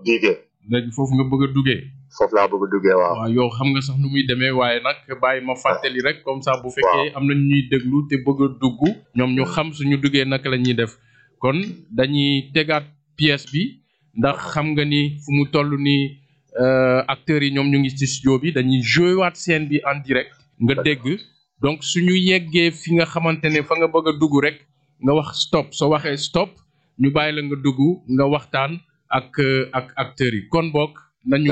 Bigué. Euh, léegi foofu nga bëgg a duggee. foofu laa bëgg dugge waaw. waaw yow xam nga sax nu muy demee waaye nag bàyyi ma fàttali rek comme sax bu fekkee am na ñu ñuy déglu te bëgg a dugg. ñoom ñu xam suñu duggee naka la ñuy def. kon dañuy tegaat pièce bi ndax xam nga ni fu mu toll ni euh, acteurs yi ñoom ñu ngi ci studio bi dañuy joué waat scène bi en direct nga dégg donc suñu yeggee fi nga xamante ne fa nga bëgg a dugg rek nga wax stop soo waxee stop ñu bàyyi la nga dugg nga waxtaan ak euh, ak acteurs yi kon bokk nañu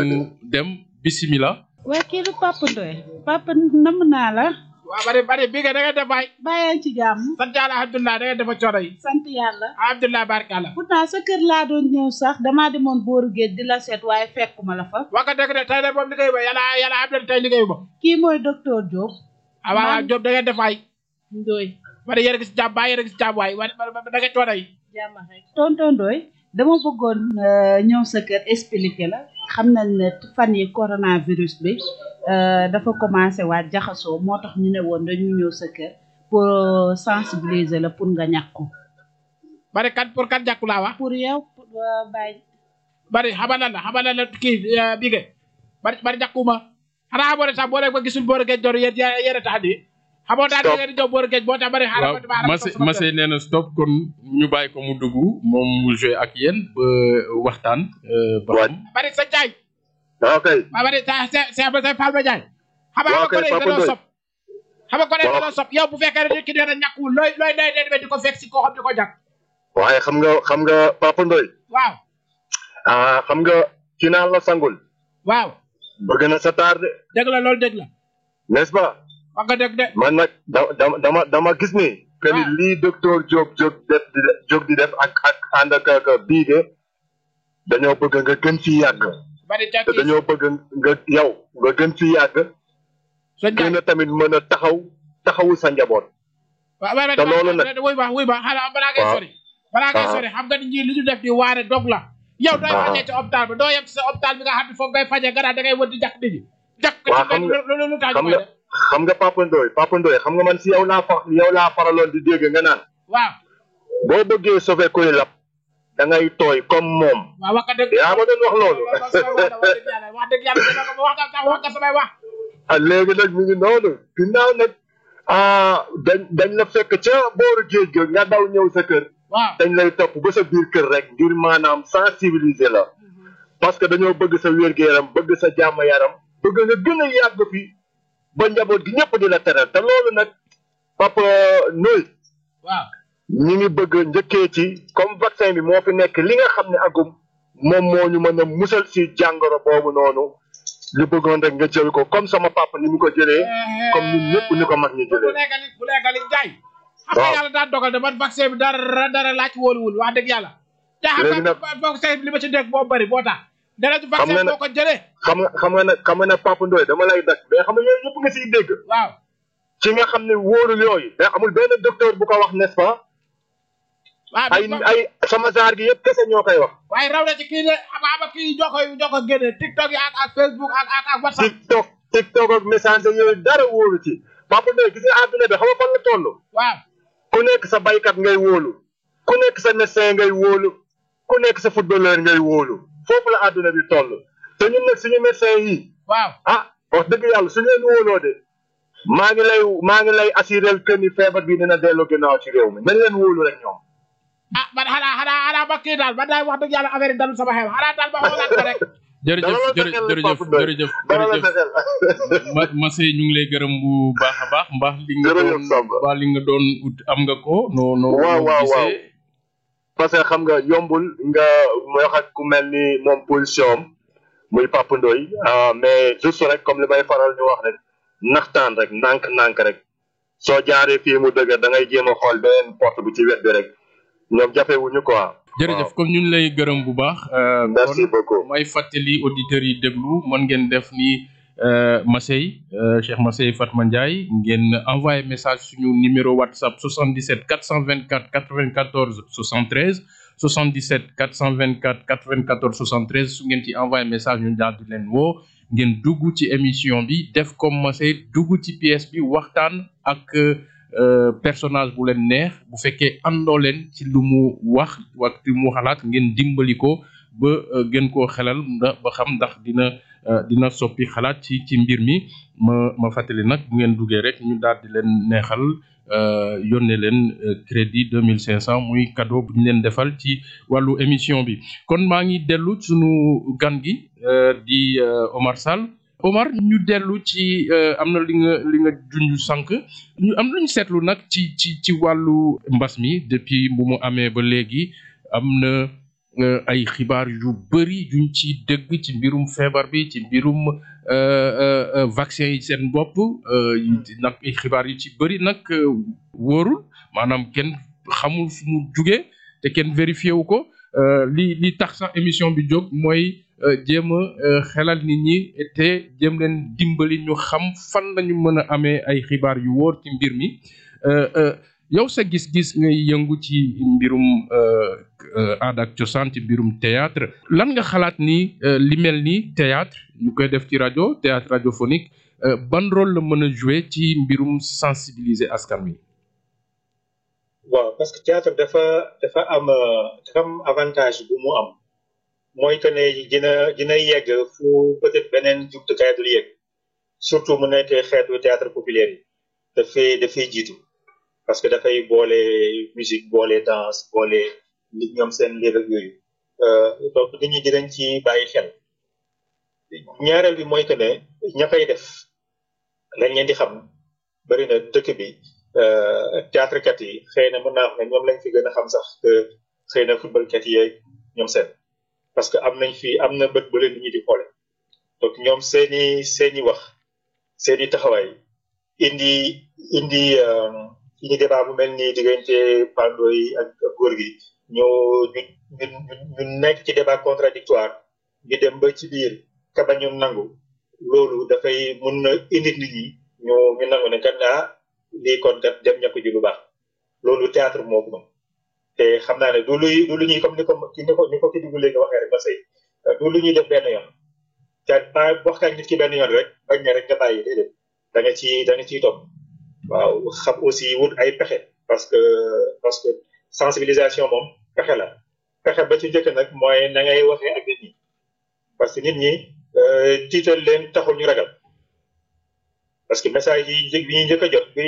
dem bisimila waa kii lu Papa Ndoye Papa nam naa la waaw bari bari bi nga da nga def waay bàyyee ci jàmm sant yàlla Abdoulaye da nga defa coono sant yàlla Abdoulaye barkalla pourtant sa kër laa doon ñëw sax damaa moom booru géej di la seet waaye fekkuma la fa wax nga dëgg de tey de moom liggéey ba yàlla kii mooy docteur Diop awaa ah, Diop da nga def waay Ndoye bari yéen a ngi si jàmm baa yéen a ngi si jàmm waay wa da nga coono yi jàmm dama bëggoon euh, ñëw sa kër expliquer la xam nañ ne fan yi coronavirus bi euh, dafa commencé waat jaxasoo moo tax ñu ne woon dañu ñëw sa kër pour euh, sensibiliser la pour nga ñàkku bari kat pour kat jàkku laa wax pour yow bàyyi bari xamalal la xamalal la kii bige bari bari jàkkuma xanaa boo sax boo rek ba gisul boo rek jor yéen yéen a tax di xamoo daal da ngeen di jóg booru géej boo bari xaaral ma waaw Massé Massé nee na stop kon ñu bàyyi ko mu dugg moom mu joué ak yéen ba euh, waxtaan. Euh, ba xam bari sa jaay. waaw ah, kay. waaw bari sa sa sa ba sa Fall ba jaay. xam nga ah, ko bu fekkee ne nit ki na di ko fekk si koo ko jàpp. waaye xam nga xam nga Pape Ndoye. waaw. Ah, xam nga ci naan sangul. waaw. bëgg na sa taar de. dëgg la loolu dëgg la. n'est-ce pas. ba nga dégg de. man nag dama dama dama gis ni. que li ah. lii docteur Diop jóg def jóg di def ak ak ànd ak bii dañoo bëgg nga gën fi yàgg. te dañoo bëgg nga yow gën fi yàgg. gën a tamit mën a taxaw taxawu sa njaboot. te loolu nag wuy baax wuy baax xanaa balaa ngay sori. balaa ngay sori xam nga ni ñii li ñu def di waare dog la. yow dooy fajee ci hôpital bi doo yem ci sa hôpital bi nga xam ne foofu ngay fajee gannaaw dangay wër di jàkk nit ñi. jàkk lu lu lu tax ñu xam nga Papa Ndoye Papa xam nga man si yow laa fa yow laa faraloon di dégg nga naan. waaw boo bëggee sauver kuy lab da ngay tooy comme moom. waaw yaa ma doon wax loolu. wax ah, léegi nag mu ngi noonu ginnaaw nag ah dañ dañ la fekk ca booru géej ga nga daw ñëw sa kër. waaw dañ lay topp ba sa biir kër rek ngir maanaam sensibiliser la. Mhm. parce que dañoo bëgg sa wér-gu-yaram bëgg sa jàmm yaram bëgg nga gën a yàgg fi. ba njaboot gi ñëpp di la teral te loolu nag papa Noy. waaw ñu ngi bëgg njëkkee ci comme vaccin bi moo fi nekk li nga xam ne agum moom moo ñu mën a musal si jàngoro boobu noonu li bëggoon rek nga jël ko comme sama papa ni ñu ko jëlee eh, comme ñun ñëpp ni ko mag ñu jëlee. bu leegali bu leegali jaay. waaw yàlla daan dogal de man vaccin bi dara dara laaj wóoluwul wax dëgg yàlla. léegi nag vaccin bi li ma ci nekk moo bari boo tax. deretu vaccin boo ko jëlee. xam nga xam nga ne xam nga ne Pape Ndoye dama lay dak mais xam nga yooyu yëpp nga siy dégg. waaw ci nga xam ne wóorul yooyu. mais amul benn docteur bu ko wax n'est-ce ay ay sama genre gi yëpp kese ñoo koy wax. waaye raw na ci kii de abaaba kii joko yu joko génne TikTok yi ak ak am ak ak ak WhatsApp. TikTok TikTok ak messager yooyu dara wóoru ci. Pape Ndoye gis nga àdduna bi xam nga fan la toll. waaw ku nekk sa baykat ngay wóolu. ku nekk sa médecin ngay wóolu. ku nekk sa footballeur ngay wóolu. foofu la àdduna bi toll te ñun nag suñu médecin yi waaw ah wax dëgg yàlla suñu leen wóoloo de maa ngi lay maa ngi lay assurel que ni feebar bi dina delloo ginnaaw ci réew mi nañ leen wóolu rek ñoom ah man xanaa xanaa ba kii daal man daal wax dëgg yàlla affaire yi dalu sama xel xanaa daal ba xoolaat ko rek jërëjëf jërëjëf jërëjëf ma Massé ñu ngi lay gërëm bu baax a baax mbaax li nga doon mbaax li nga doon ut am nga ko noo noo gisee parce que xam nga yombul nga mooy wax ak ku mel ni moom position am muy Pape Ndoye ah, mais juste rek comme li may faral di wax rek naxtaan rek ndànk-ndànk rek soo jaaree fi mu dëgër da ngay jéem a xool beneen porte bu ci wet rek ñoom jafewuñu quoi. jërëjëf comme ñu ngi lay gërëm bu baax. Euh, merci beaucoup may fàttali auditeurs yi déglu mën ngeen def nii. Euh, Massey euh, Cheikh Massey Fatma Ndiaye ngeen envoyé message suñu numéro WhatsApp 77 424 94 73 77 424 94 73 su ngeen ci envoyé message ñu daal leen woo ngeen dugg ci émission bi def comme Massey dugg ci pièce bi waxtaan ak. Euh, personnage bu leen neex bu fekkee àndoo leen ci lu mu wax wax lu mu xalaat ngeen dimbali ko ba gën ko xelal ba xam ndax dina Euh, dina soppi xalaat ci ci mbir mi ma ma fàttali nag ngeen duggee rek ñu daal di leen neexal euh, yónnee leen euh, crédit deux mille cinq cent muy cadeau bu ñu leen defal ci wàllu émission bi kon maa ngi dellu sunu gan gi di Omar Sall. Omar ñu dellu ci am na li nga li nga junj sànq ñu am lu ñu seetlu nag ci ci ci wàllu mbas mi depuis bu mu amee ba léegi am na. Euh, ay xibaar yu bëri yuñ ci dégg ci mbirum feebar bi ci mbirum euh, euh, vaccin yi seen bopp nag ay xibaar yu ci bëri nag wóorul maanaam kenn xamul fu mu jugee te kenn vérifié wu ko li li tax sax émission bi jóg mooy jéem a xelal nit ñi te jéem leen dimbali ñu xam fan lañu mën a amee ay xibaar yu wóor ci mbir mi yow sa gis-gis ngay yëngu ci mbirum euh, euh, aada ak cosaan ci mbirum théâtre lan nga xalaat ni euh, li mel ni théâtre ñu koy def ci rajo théâtre radiophonique ban rôle la mën a jouer ci mbirum sensibiliser askan wi. waaw parce que théâtre dafa am avantage bu mu am mooy que ne dina dina yegg fu peut-être beneen jumtukaay du yegg surtout mu nekk xeetu théâtre populaire yi dafay dafay jiitu. parce que dafay boole musique boole danse boole li ñoom seen léeg yooyu euh, donc nit ñi dinañ ci bàyyi xel ñaareel bi mooy que ne ña koy def lañ leen di xam bëri na dëkk bi euh, théâtre kat yi xëy na mën naa wax ñoom lañ fi gën a xam sax que xëy na football kat yi ñoom seen parce que am nañ fi am na bët bu leen nit ñi di xoole donc ñoom seeni seeni wax seeni taxawaay indi indi. Euh, ci débat bu mel ni diggante Pando yi ak góor gi ñu ñu ñu nekk ci débat contradictoire ñu dem ba ci biir ka ba ñu nangu loolu dafay mun na indi nit ñi ñu ñu nangu ne kat ah lii kon kat dem ñàkk ji lu baax loolu théâtre moo ko te xam naa ne du luy du lu ñuy comme ni ko ni ko ni ko ki dugg léegi waxee rek ba sëy du lu ñuy def benn yoon te ba wax ak nit ki benn yoon rek bañ ne rek nga bàyyi déedéet da nga ci da waaw xam aussi wut ay pexe parce que parce que sensibilisation moom pexe la pexe ba ci njëkk nag mooy na ngay waxee ak nit ñi parce que nit ñi euh, tiital leen taxul ñu ragal parce que message yi njëkk bi ñuy a jot bi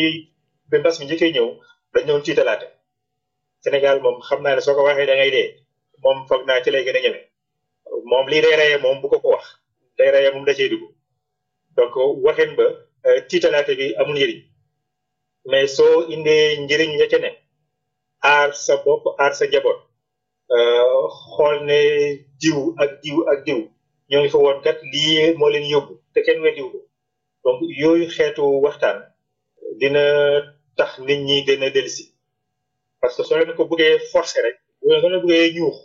bi mbas mi njëkkee ñëw dañ doon tiitalaate Sénégal moom xam naa ne soo ko waxee da ngay dee moom foog naa ci lay gën a ñeme moom lii day reyee moom bu ko ko wax day reyee moom da cee dugg donc waxin ba euh, tiitalaate bi amul njëriñ mais soo indee njëriñ ña ca ne aar sa bopp aar sa jaboot euh, xool ne diw ak diw ak diw ñoo ngi fa woon kat lii moo leen yóbbu te kenn weddiwu ko donc yooyu xeetu waxtaan dina tax nit ñi dina dellusi parce que soo leen ko bëggee force rek bu leen ko bëggee ñuux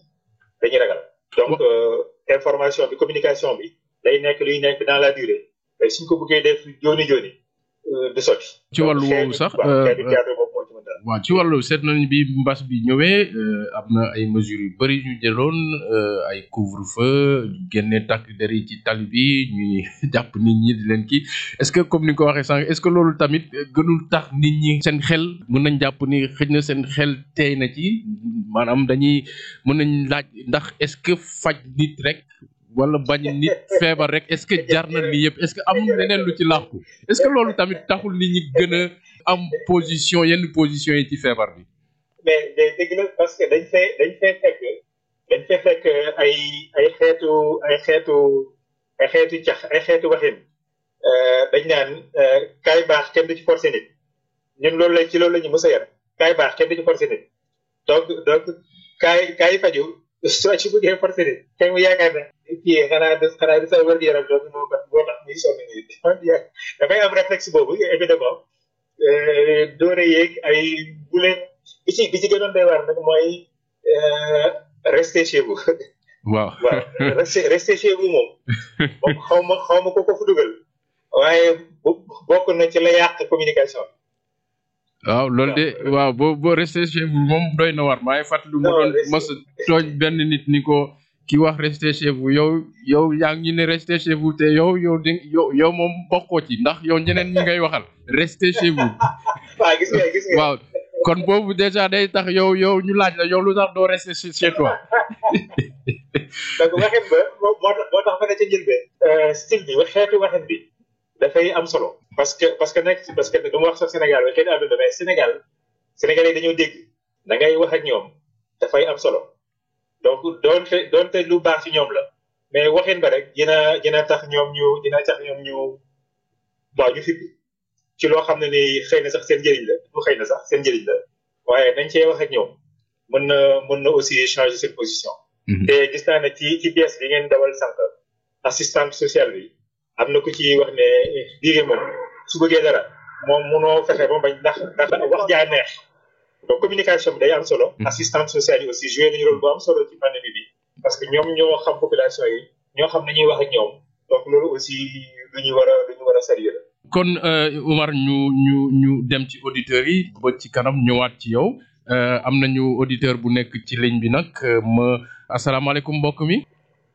dañuy ragal donc euh, information bi communication bi day nekk luy nekk dans la durée mais suñ ko bëggee def jooni jooni Euh, ci wàllu woowu sax euh, waaw ci wàllu seet nañ bi mbas bi ñëwee euh, am na ay mesures yu bëri ñu jëloon ay couvre-feu genne takk der yi ci tali bi ñuy jàpp nit ñi di leen kii est-ce que comme ni nga ko waxee sànq est-ce que loolu tamit gënul tax nit ñi seen xel mën nañ jàpp ni xëj na seen xel teey na ci maanaam dañuy mën nañ laaj ndax est-ce que faj nit rek wala bañ nit feebar rek est-ce que jar na lii yëpp est-ce que am leneen lu ci làqu est-ce que loolu tamit taxul nit ñi gën am position yenn position yi ci feebar bi. mais parce que dañ fee fekk ay ay xeetu ay xeetu ay xeetu cax ay xeetu waxin euh, dañ naan euh, kaay baax kenn du ci forcé nit ñun loolu la ci loolu lañu ñu yar kaay baax kenn du ci forcé nit donc donc kaay kaay faju situation bu ngeen farfere tey mu yaakaar ne kii xanaa de xanaa de sa wér yaram doon moo kat moo tax muy sonn nii dafay am réflexe boobu évidemment doore yeeg ay bu bi ci bi ci war nag mooy rester chez vous. waaw waaw rester rester chez moom. moom xaw ma xaw ma ko ko fu dugal. waaye bokk na ci la yàq communication. waaw loolu de waaw boo boo resté chez moom doy na war maa ngi fàttali mu doon mos a tooñ benn nit ni ko ki wax resté chez vous yow yow yaa ngi ne resté chez te yow yow di yow yow moom bokkoo ci ndax yow ñeneen ñi ngay waxal reste chez vous. waaw gis nga déjà day tax yow yow ñu laaj la yow lu tax doo resté chez toi. dafay am solo parce que parce que nekk parce que dama wax sax Sénégal waaye xëy na àdduna mais Sénégal sénégalais dañoo dégg da ngay wax ak ñoom dafay am solo donc doonte doonte lu baax ci ñoom la mais waxeen ba rek dina dina tax ñoom ñu dina tax ñoom ñu waaw ñu ci loo xam ne ni xëy na sax seen njëriñ la lu xëy na sax seen njëriñ la waaye dañ cee wax ak ñoom mën na mën na aussi changer seen position. Mm-hmm. te gis naa ci ci pièce bi ngeen dawal sànq assistante sociale bi. am na ku ci wax ne dige moom su bëggee dara moom munoo fexe ba bañ ndax ndax wax jaa neex donc communication bi day am solo. Hmm. assistance sociale yi aussi joué nañu rôle bu am solo ci pandémie bi parce que ñoom ñoo xam population yi ñoo xam nañuy wax ak ñoom donc loolu aussi lu ñu war a lu ñu war kon euh, Umar ñu ñu ñu dem ci auditeurs yi ba ci kanam ñëwaat ci yow euh, am nañu auditeur bu nekk ci ligne bi nag euh, ma asalaamaaleykum mbokk mi.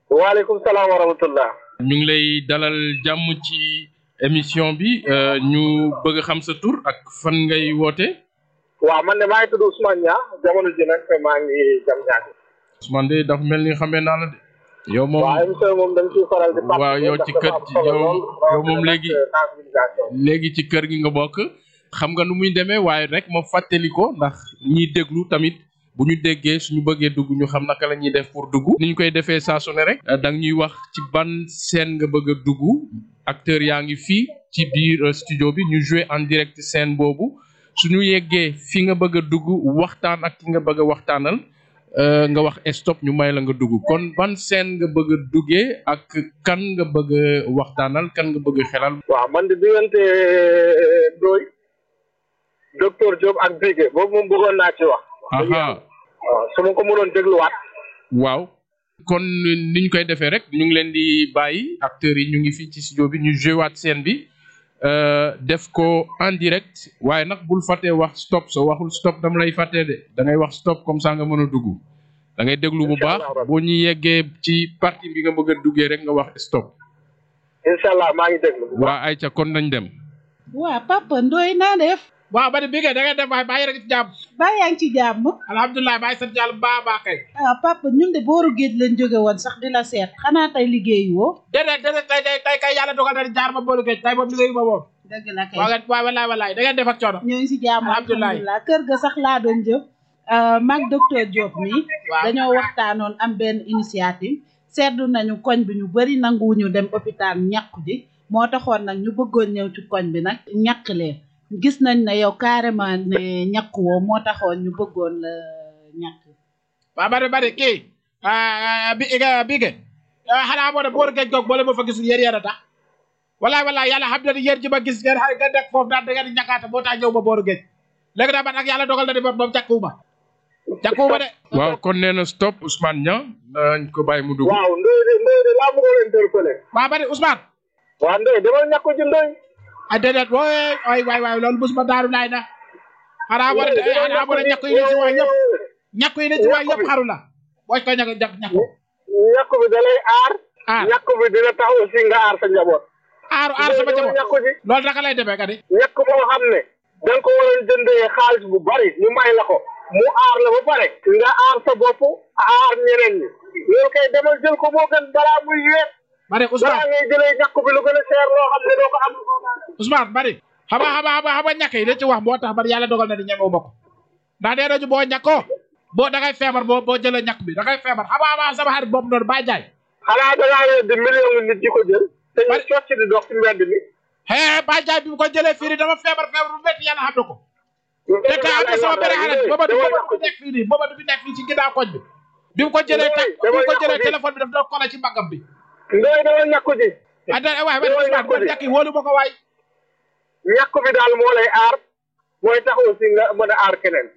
waaleykum salaam wa ñu ngi lay dalal jàmm ci émission bi euh, ñu bëgg a xam sa tur ak fan ngay woote waaw man ne maa ngi tudd Ousmane Niang jamono ji nag maa ngi jam ñaaji Ousmane mel ni xamee naa yow moom waaw yow ci kër léegi euh, léegi ci kër gi nga bokk xam nga nu muy demee waaye rek ma fàttali ko ndax ñiy déglu tamit bu ñu déggee suñu bëggee dugg ñu xam naka la ñuy def pour dugg ni ñu koy defee saa su rek euh, da ñuy wax ci ban seen nga bëgg a dugg acteur yaa ngi fii ci biir euh, studio bi ñu jouer en direct seen boobu su ñu yeggee fi nga bëgg dugg waxtaan ak ki nga bëgg a waxtaanal euh, nga wax stop ñu may la nga dugg kon ban seen nga bëgg duggee ak kan nga bëgg a waxtaanal kan nga bëgg a xelal. waaw man de diggante Ndoye docteur ak Bigué boobu moom bëggoon naa ci wax. waaw su ma ko mënoon dégluwaat. waaw kon ni ñu koy defee rek ñu ngi leen di bàyyi acteurs yi ñu ngi fii ci studio bi ñu joué waat seen bi euh, def ko en direct waaye nag bul fàttee wax stop soo waxul stop dama lay fàttee de da ngay wax stop comme ça nga mën a dugg da ngay déglu bu baax boo ñu yeggee ci partie bi nga bëgg duggee rek nga wax stop. incha allah maa ngi déglu. waa Aïcha kon nañ dem. waa papa Ndoye naa def. waaw ba di bi ngeen da ngeen def waaye bàyyi rek ci jàmm bàyyi yaa ngi ci jàmm alhamdulilah bàyyi sant yàlla baa baax a baax kay ah papa ñun de booru géej lañ jóge woon sax di la seet xanaa tey liggéeyu woo déedéet déedéet tey tey kay yàlla dogal na jaar ma booru géej tey ma moom dëgg la waaw walaay walaay da ngeen def ak coono ñoo ngi si jàmm kër ga sax laa doon jëf ah, maag docteur Diop mi dañoo waxtaanoon am benn initiative seetlu nañu koñ bi ñu bëri nanguwuñu dem hôpital ñàkku ji moo taxoon nag ñu bëggoon ñëw ci koñ bi nag ñàkk leen gis nañ ne yow carrément ne ñàkk woo moo taxoon ñu bëggoon la ñàkk waaw bari bari kii ah, ah, bi eh, bi ge ah, xanaa moo ne boor géej goog boole ma fa gisul yér yér a tax walaay walaay yàlla xam na ni yér ji ma gis ngeen xay nga nekk foofu daal da ngeen di ñàkkaate moo tax ñëw ma booru géej léegi daa man ak yàlla dogal na ni moom moom jàkkuwuma jàkkuwuma de waaw kon nee na stop Ousmane Niang nañ ko bàyyi mu dugg waaw ndoy de ndoy de laa bëggoon interpellé waaw bari Ousmane waaw ndoy demal ñàkk ci ndoy ay ah, déedéet wooy ay waay waay loolu bés ba daaru laay na xanaa war a war a ñàkk yi ne ci waay yëpp ñàkk yi ne ci waay yëpp xaru la booy ko ñàkk ñàkk bi da lay aar aar bi dina tax aussi nga aar sa njaboot aar sama njaboot ñàkk bi loolu naka lay demee kat ñàkk boo xam ne da ko waroon jëndee xaalis bu bari ñu may la ko mu aar la ba pare nga aar sa bopp aar ñeneen ñi kay demal jël ko moo gën balaa muy weet bari Ousmane balaa ngay jëlee ñàkk bi lu gën a seer loo xam bari xaba xaba xaba xaba ñàkk yi li ci wax moo tax bari yàlla dogal na di ñemewu ma ko ndax nee nañu boo ñàkkoo boo feebar boo boo jëlee ñàkk bi da ngay feebar xaba xaba sama xarit boobu noonu baa jaay. xanaa da ngaa yor di million nit di ko jël. te ñu cocc di dox ci mbedd mi. hee baa jaay ko jëlee fii nii dama feebar feebar bu métti yàlla xam na ko. te ka am na sama beneen xarit booba nekk fii nii booba nekk fii ci ginnaaw koñ bi. bi mu ko jëlee ko jëlee téléphone bi daf doon ndooy dawal ñàkku ji. ah dara waay ko waay. ñàkku bi daal moo lay aar mooy tax aussi nga mën a aar keneen.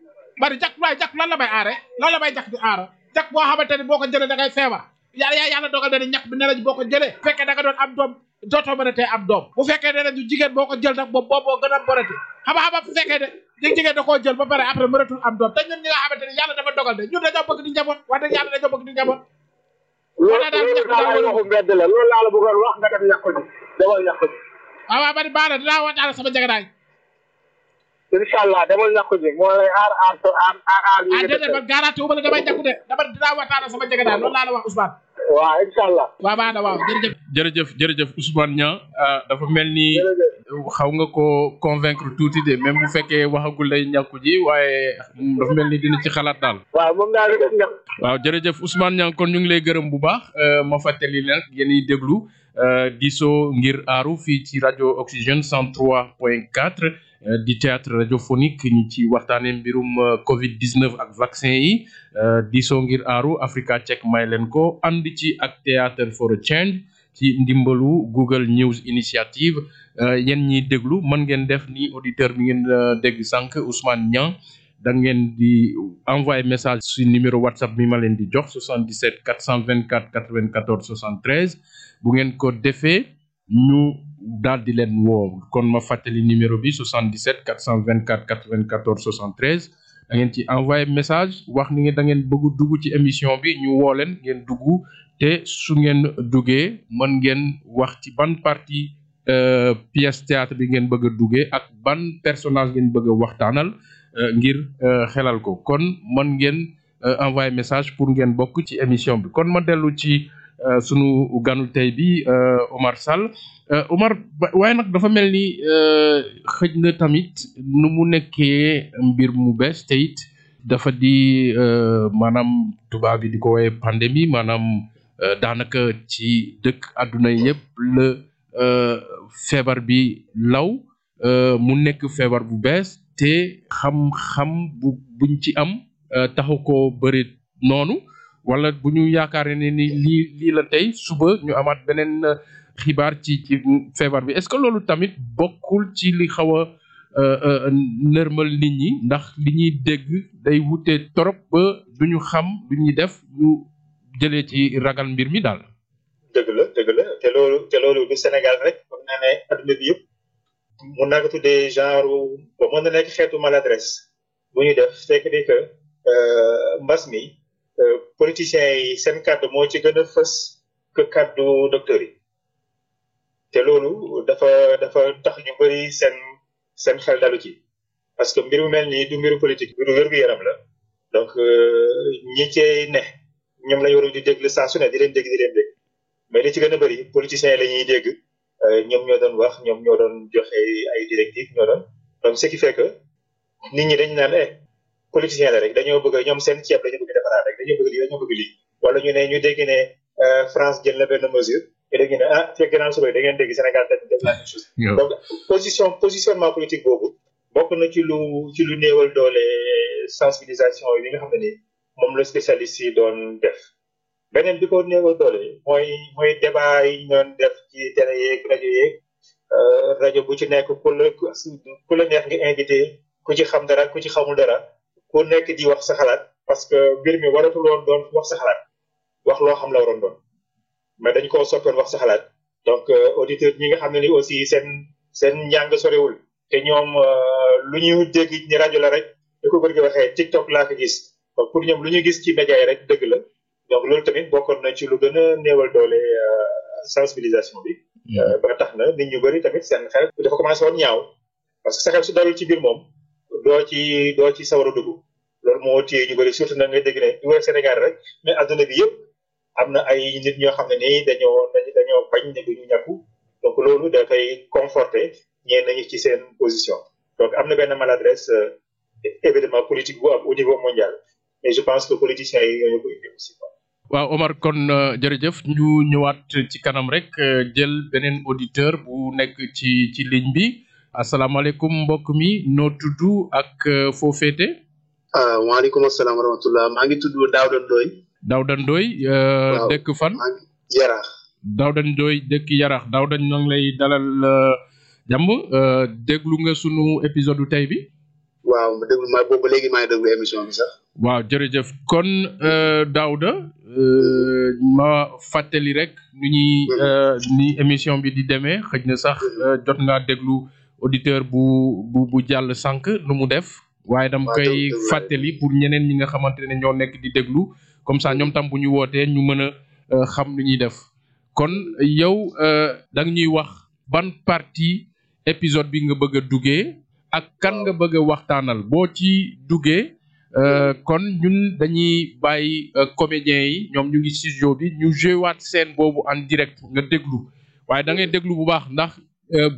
bari jàkk waay jàkk lan la may aare lan la may jàkk di aara jàkk boo xamante ne boo ko jëlee da feebar yàlla yaa dogal na ne ñàkk bi ne lañ boo ko jëlee bu fekkee doon am doom dootoo mën a tee am doom bu fekkee ne lañu jigéen boo ko jël nag boobu boo gën a borati xam-xam bu fekkee ne jigéen da koo jël ba pare après mënatul am doom te ñun ñi nga xamante di njaboot wala daal ñàkk daa war waxu mbedd loolu laa la bëggoon wax nga dem ñàkk ji demal ñàkk ji waaw waaw bari baax na dinaa wàcc àll sama jagadaay incha allah demal ñàkk ji moo lay aar aar aar aar aar ah, déedéet ba gaaraatu ma la damay ñàkku de dama dinaa wàcc àll sama jagadaay loolu laa la wax Ousmane waaw incha waaw baax na waaw jërëjëf. jërëjëf jërëjëf Ousmane Niang ah, dafa mel ni. xaw nga ko convaincre tuuti de même bu fekkee waxagul lay ñàkku ji waaye dafa mel ni dina ci xalaat daal. waaw moom daal di def waaw jërëjëf kon ñu ngi lay gërëm bu baax euh, ma fàttali leen ak yéen ñiy déglu diisoo euh, ngir aaru fii ci rajo Oxygène 103 point 4. Euh, di théâtre radiophonique ñi ci waxtaanee mbirum euh, Covid 19 ak vaccin yi euh, diisoo ngir aaru Africa Check may leen ko ànd ci ak Theatre for a Change ci ndimbalu Google News Initiative yéen ñiy déglu mën ngeen def ni auditeur bi ngeen dégg sànq Ousmane Niang da ngeen di envoyé message si numéro WhatsApp mi ma leen di jox 77 424 94 bu ngeen ko defee ñu. daal di leen woo kon ma fàttali numéro bi 77 424 94 73 da ngeen ci envoyé message wax ni ngeen da ngeen bëgg dugg ci émission bi ñu woo leen ngeen dugg te su ngeen duggee mën ngeen wax ci ban partie euh, pièce théâtre bi ngeen bëgg a duggee ak ban personnage ngeen bëgg waxtaanal euh, ngir euh, xelal ko kon mën ngeen envoyé message pour ngeen bokk ci émission bi kon ma dellu ci sunu ganu tey bi Omar Sall. Euh, Omar waaye nag dafa mel ni euh, xëj na tamit nu mu nekkee mbir mu bees te it dafa di euh, maanaam tubaab yi di ko woowee pandémie maanaam daanaka ci dëkk àdduna yëpp la feebar bi law mu nekk feebar bu bees te xam-xam bu buñ ci am taxu ko bëri noonu wala bu ñu yaakaaree ne ni lii la tey suba ñu amaat beneen. xibaar ci ci feebar bi est-ce que loolu tamit bokkul ci li xaw a euh, euh, nërmal nit ñi ndax li ñuy dégg day wute trop ba du ñu xam du ñuy def ñu jëlee ci ragal mbir mi daal. dëgg la dëgg la te loolu du Sénégal rek foog naa ne yëpp mun naa ko tuddee genre ba mën na xeetu maladresse bu ñu def c'est que euh, mbas mi politiciens yi seen kàddu moo ci gën a fës que kàddu docteurs yi. te loolu dafa dafa tax ñu bëri seen seen xel dalu ci parce que mbir mu mel nii du mbiru politique mbiru wér yaram la donc euh, ñi cee ne ñoom la ñu di déglu saa su ne di leen dégg mais li ci gën a bëri politiciens yi la ñuy dégg euh, ñoom ñoo doon wax ñoom ñoo doon joxe ay directives ñoo doon donc ce qui fait que nit ñi dañ naan eh politicien la rek dañoo bëgg ñoom seen ceeb la ñu bëgg defaraat rek dañoo bëgg lii wala ñu ne ñu dégg ne euh, France jël na benn mesure. da ngeen ah fekk naa suba da ngeen dégg Sénégal dañuy def la même chose. donc position positionnement politique boobu bokk na ci lu ci lu néewal doole sensibilisation yi nga xam ne ni moom spécialiste yi doon def. beneen bi ko néewal doole mooy mooy débat yi ñu doon def ci télé yeeg rajo yeeg rajo bu ci nekk ku la ku neex nga invité ku ci xam dara ku ci xamul dara ku nekk di wax sa xalaat parce que mbir mi waratul woon doon wax sa xalaat wax loo xam la waroon mais dañ koo soppoon wax sa xalaat donc euh, auditeurs ñi nga xam ne ni aussi seen seen njàng sorewul te ñoom euh, lu ñu dégg ni rajo la rek di ko bëgg waxee TikTok laa ko gis pour ñoom lu ñu gis ci média yi rek dëgg la donc loolu tamit bokkoon na ci lu gën a néewal doole euh, sensibilisation bi. Mm. ba tax na nit ñu bëri tamit seen xel dafa commencé woon ñaaw parce que sa xel su dalul ci biir moom doo ci doo ci sawar dugg loolu moo téye ñu bëri surtout nag nga dégg ne Sénégal rek mais adduna bi yëpp. am na ay nit ñoo xam ne nii dañoo dañoo ne duñu ñàkku donc loolu dafay conforter ñeen nañu ci seen position donc am na benn maladresse euh, évidemment politique bu am au niveau mondial mais je pense que politiciens yi ñooñu waaw Omar kon euh, jërëjëf ñu ñëwaat ci kanam rek euh, jël beneen auditeur bu nekk ci ci ligne bi asalaamaaleykum mbokk mi noo tudd ak foo féete. Ah, waaleykum asalaam wa rahmatulah maa ngi tudd Daouda Ndoye. Daouda Ndoye. Euh, waaw dëkk fan. Yaraax. Daouda doy dëkk Yaraax Daouda ñoo ngi lay dalal euh, jàmm euh, déglu nga sunu épisode tey bi. waaw ma ma boobu émission bi sax. waaw jërëjëf kon Daouda ma fàttali rek nu ñuy mm-hmm. ni émission bi di demee xëj na sax mm-hmm. jot ngaa déglu auditeur bu bu jàll sànq nu mu def. waaye dama koy fàttali pour ñeneen ñi nga xamante ne ñoo nekk di déglu. comme ça ñoom tam bu ñu wootee ñu mën a euh, xam lu ñuy def kon yow euh, da ñuy wax ban partie épisode bi nga bëgg duggee ak kan nga bëgg waxtaanal boo ci duggee euh, kon ñun dañuy bàyyi comédiens yi ñoom ñu ngi studio bi ñu jouewaat scène boobu en direct nga déglu waaye da ngay déglu bu baax ndax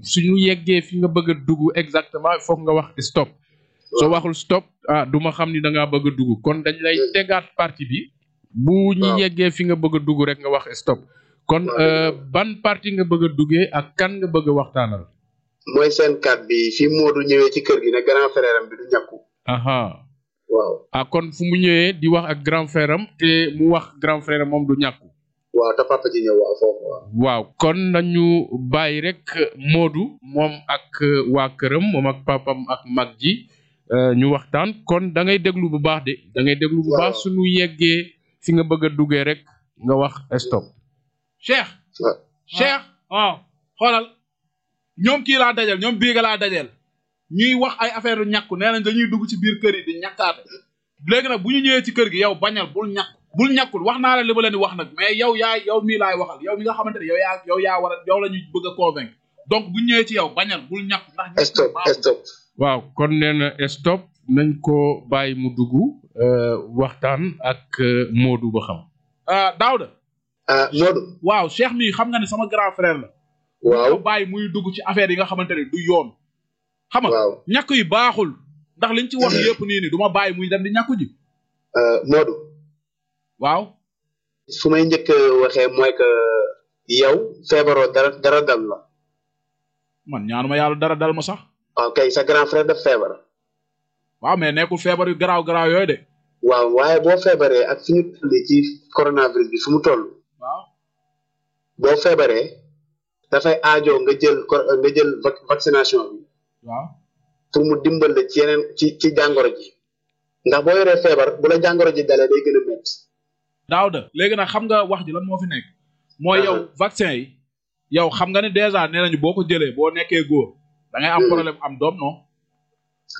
suñu yeggee fi nga bëgg a dugg exactement foog nga wax stop soo waxul stop ah du xam ni danga ngaa bëgg dugg kon dañ lay tegaat partie bi bu ñu yeggee fi nga bëgg a dugg rek nga wax stop. kon euh, ban parti nga bëgg duggee ak kan nga bëgg a waxtaanal. mooy seen kat bi fi Modou ñëwee ci kër gi ne grand frère bi du ñàkku. waaw ah, kon fu mu ñëwee di wax ak grand mu wax grand frère am ñàkku. waaw te papa ji bàyyi rek euh, Modou moom ak euh, waa këram moom ak papam ak mag ji ñu waxtaan kon da ngay déglu bu baax de. dangay ngay bu baax suñu yeggee. fi nga bëgg duggee rek nga wax stop. cheikh. cheikh waaw xoolal ñoom kii laa dajal ñoom biiga laa dajal ñuy wax ay affaire yu ñàkku nee nañ dañuy dugg ci biir kër yi di ñàkkaate léegi nag bu ñu ñëwee ci kër gi yow bañal bul ñàkk bul ñàkkul wax naa la li leen di wax nag mais yow yaa yow mii laay waxal yow mi nga xamante ne yow yaa yow yaa war yow la ñuy bëgg a convaincre donc bu ñëwee ci yow bañal bul ñàkk ndax. stop waaw kon nee nañ ko bàyyi mu dugg. Euh, waxtaan ak euh, Modou ba xam. Euh, Daouda. ah waaw Cheikh mi xam nga ne sama grand frère la. waaw bàyyi muy dugg ci affaire yi nga xamante ne du yoon. xam nga ñàkk yu baaxul. ndax liñ ci wax yëpp nii ni du bàyyi muy dem di ñàkku ji. Modou. waaw. su may njëkk waxee mooy que yow feebaroo dara dara man ñaanuma yàlla dara dal ma sax. ok sa grand frère daf feebar. waaw mais nekkul feebar yu garaaw garaaw yooyu de. waaw waaye boo feebaree ak fi ñu toll ci coronavirus bi fu mu toll. boo feebaree dafay aajo nga jël nga jël vaccination bi. waaw pour mu dimbal la ci yeneen ci ci jàngoro ji. ndax boo yoree feebar bula la jàngoro ji dalee day gën a métti. daaw da léegi nag xam nga wax ji lan moo fi nekk. mooy ah. yow vaccin yi. yow xam nga ne dèjà nee nañu boo ko jëlee boo nekkee góor. da ngay am hmm. problème am doom non.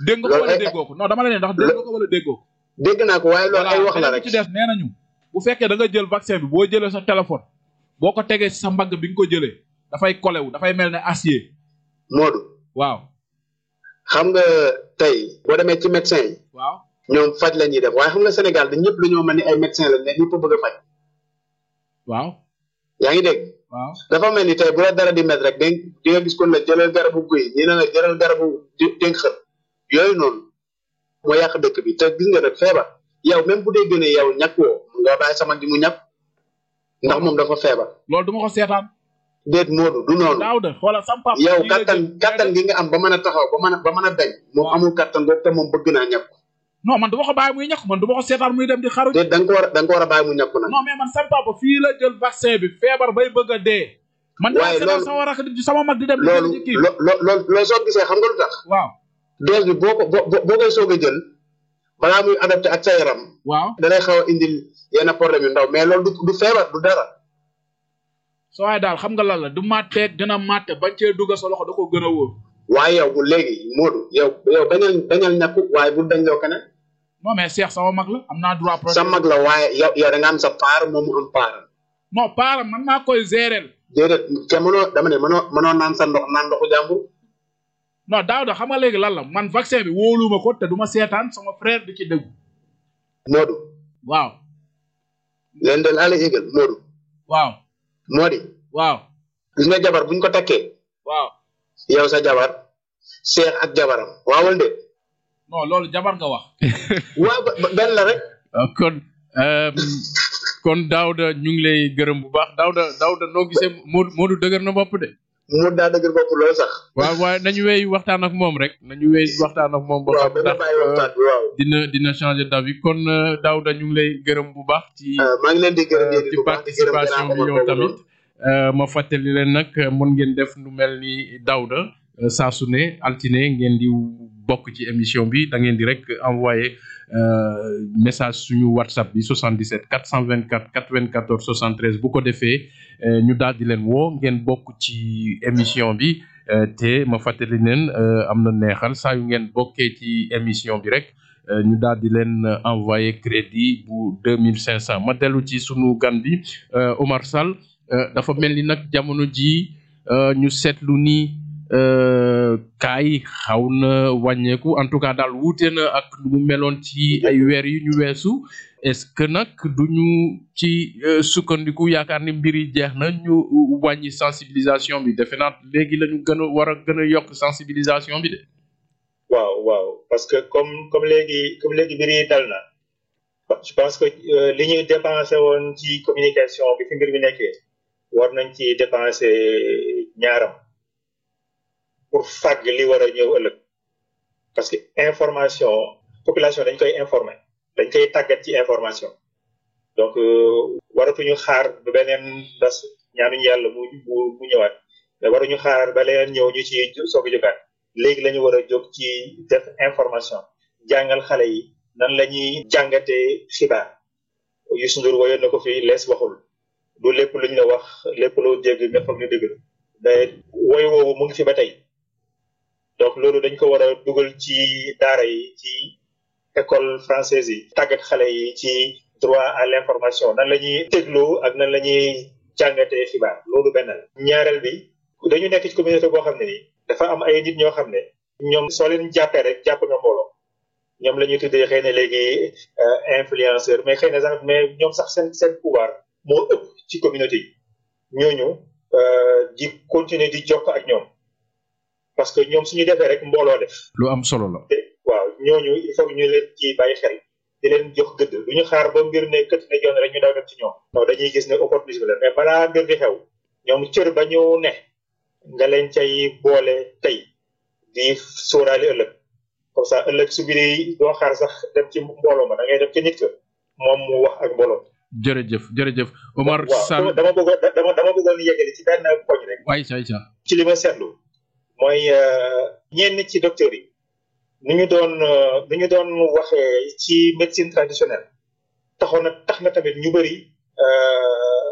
dégg nga ko wala déggoo ko non dama la ne ndax dégg nga wala déggoo dégg naa ko waaye loolu ay wax la rek ci def nee nañu bu fekkee da nga jël vaccin bi boo jëlee sa téléphone boo ko tegee ci sa mbagg bi nga ko jëlee dafay kolewu dafay mel ni acier. Modou. waaw. xam nga tey boo demee ci médecin yi. waaw ñoom faj la ñuy def waaye xam nga Sénégal dañ ñëpp dañoo mel ni ay médecin lañ ne ñëpp bëgg a faj. waaw. yaa ngi dégg. waaw dafa mel ni tey bu la dara di met rek di nga gis kon la jëlal garabu guy ñi ne la jëlal garabu dénk xër yooyu noonu moo yàq dëkk bi te gis nga nag feebar yow même bu dee gënee yow ñàkk woo nga bàyyi sama di mu ñàkk ndax moom dafa feebar. loolu du ma ko seetaan. déet Modou du noonu. daaw de xoolal sam papa yow kattan kattan gi nga am ba mën a taxaw ba man a ba mën a dañ. mu amul kattan boobu te moom bëgg naa ñàkk. non man du ma ko bàyyi muy ñàkk man du ma ko seetaan muy dem di xaru. déet da ko war a da nga ko a bàyyi mu ñàkk nag. non man sam papa fii la jël vaccin bi feebar bay bëgg dee. man daal sama sama rakk sama mag di dem. loolu loolu loolu soo gisee xam nga lu tax waaw dose bi boo ko boo koy soog a jël balaa muy adapté ak sa yaram. waaw da lay xaw a indil yenn problème yu ndaw mais loolu du feebar du dara. soo waaye daal xam nga lan la du màtteeg dina màtte ba cee dugga sa loxo da ko gën a wóor. waaye yow bu léegi Modou yow yow dañal dañal waaye bu dañ o keneen. non mais Cheikh sama mag la am naa droit. sa mag la waaye yow yow da nga am sa part moom mu am part. non part man maa koy gérer. déedéet te mënoo naan sa ndox naan ndoxu jàmbur. non daaw da xam nga léegi lan la man vaccin bi wóoluuma ko te duma seetaan soma frère di ci dëggu. Modou. waaw. leen de laa lay yëgal waaw. moo waaw. gis nga jabar buñ ko takkee. waaw. yow sa jabar. Cheikh ak jabaram waawal de. non loolu jabar nga wax. waaw benn la rek. Ah, kon ehm, kon Daouda ñu ngi lay gërëm bu baax Daouda Daouda noo gisee Modou Modou dëgër na bopp de. mun naa dëgër waaw waaye nañu wéy waxtaan ak moom rek nañu wéy waxtaan ak moom. ba xam ndax euh, dina dina changer d'avis kon euh, da ñu ngi lay gërëm bu baax. ci euh, maa leen di gërëm ci participation bi yow tamit. ma fàttali leen nag mën ngeen def nu mel ni Daouda saa su ne altine ngeen di bokk ci émission bi da ngeen di rek envoyé. Euh, message suñu whatsapp bi 77 424 94 73 bu ko defee euh, ñu daal di leen woo ngeen bokk ci émission bi euh, te ma fàttali leen am na neexal sayu ngeen bokkee ci émission bi rek ñu daal di leen envoyé crédit bu 2500 ma dellu ci suñu gan bi au Sall dafa mel ni nag jamono ji ñu seetlu nii cas euh, yi xaw wàññeeku en tout cas daal wuute na ak nu mu meloon ci ay weer yu ñu weesu est-ce que nag du ñu ci euh, sukkandiku yaakaar ni mbir yi jeex na ñu wàññi sensibilisation bi defe naa léegi la ñu gën a war a gën a yokk sensibilisation bi de. waaw waaw parce que comme comme léegi comme léegi mbir yi dal je pense que euh, li ñuy dépensé woon ci communication bi fi mbir mi nekkee war nañ ci dépensé ñaaram. pour fàgg li war a ñëw ëllëg parce que information population dañ koy informer dañ koy tàggat ci information donc euh, waratuñu xaar ba beneen das ñaanuñu yàlla mu mu ñëwaat waruñu xaar ba leneen ñëw ñu ci soog a jógaat léegi la ñu war a jóg ci def information jàngal xale yi nan la ñuy jàngatee xibaar Youssou Ndour woyoon na ko fi lees waxul du lépp lu ñu la wax lépp loo dégg nga foog ñu dégg la mais woy mu ngi fi ba tey donc loolu dañu ko war a dugal ci daara yi ci école française yi tàggat xale yi ci droit à l'information nan la ñuy dégloo ak nan la ñuy jàngatee xibaar loolu benn ñaareel bi dañu nekk ci communauté boo xam ne ni dafa am ay nit ñoo xam ne ñoom soo leen jàppee rek jàpp nga ñoom la ñuy tuddee xëy na léegi euh, influenceur mais xëy na sax mais ñoom sax seen seen pouvoir moo ëpp ci communauté yi ñooñu euh, di continuer di jokk ak ñoom parce que ñoom suñu defee rek mbooloo def. lu am solo la. waaw ñooñu il ñu leen ci bàyyi xel di leen jox gëdd du ñu xaar ba mbir ne kët ne joon rek ñu daw dem ci ñoom. dañuy gis ne opportunisme la mais balaa mbir di xew ñoom cër ba ñu ne nga leen cay boole tey di sóoraale ëllëg comme ça ëllëg su bi doo xaar sax dem ci mbooloo ma da ngay ci nit ka moom mu wax ak mbooloo. jërëjëf jërëjëf Omar Sall. waaw dama bëggoon dama dama bëggoon yeggali ci benn poñ rek. waay ci li ma seetlu. mooy euh, ñenn ci docteur yi nu ñu doon euh, nu ñu doon waxee ci médecine traditionnelle taxoon na tax na tamit ñu bëri euh,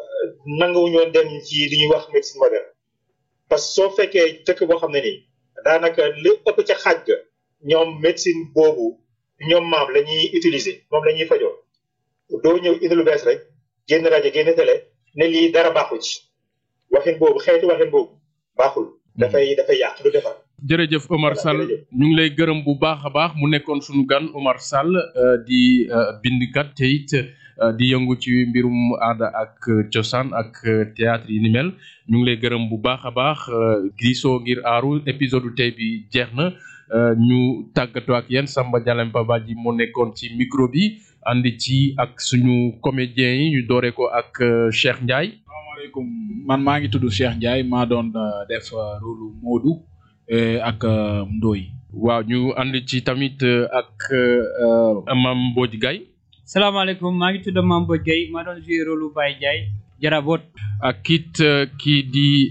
nanguwuñu woon dem ci li ñuy wax médecine moderne parce que soo fekkee dëkk boo xam ne ni daanaka li ëpp ca xaaj ga ñoom médecine boobu ñoom maam la ñuy utiliser moom lañuy ñuy fajoo doo ñëw indi lu bees rek génn rajo génn télé ne lii dara baaxu ci waxin boobu xeetu waxin boobu baaxul. dafay dafay yàq du jërëjëf Omar ñu ngi lay gërëm bu baax a baax mu nekkoon sunu gan Omar Sall euh, di euh, bindkat te it euh, di yëngu ci mbirum aada ak cosaan ak théâtre yi ni mel ñu ngi lay gërëm bu baax a baax Diisoo ngir aaru épisode tey bi jeex na ñu tàggatoo ak yéen Samba Dialem Babaji mu nekkoon ci micro bi. ànd ci ak suñu comédiens yi ñu dooree ko ak euh, Cheikh Ndiaye. salaamaaleykum man maa ngi tudd Cheikh Ndiaye maa doon euh, def euh, rôle Modou ak Ndoye. waaw ñu ànd ci tamit ak Mame Mbodj Gaye. salaamaaleykum maa ngi tudd Mame Mbodj Gaye maa doon joué rôle Baye Ndiaye. Jaraboot. ak kit kii di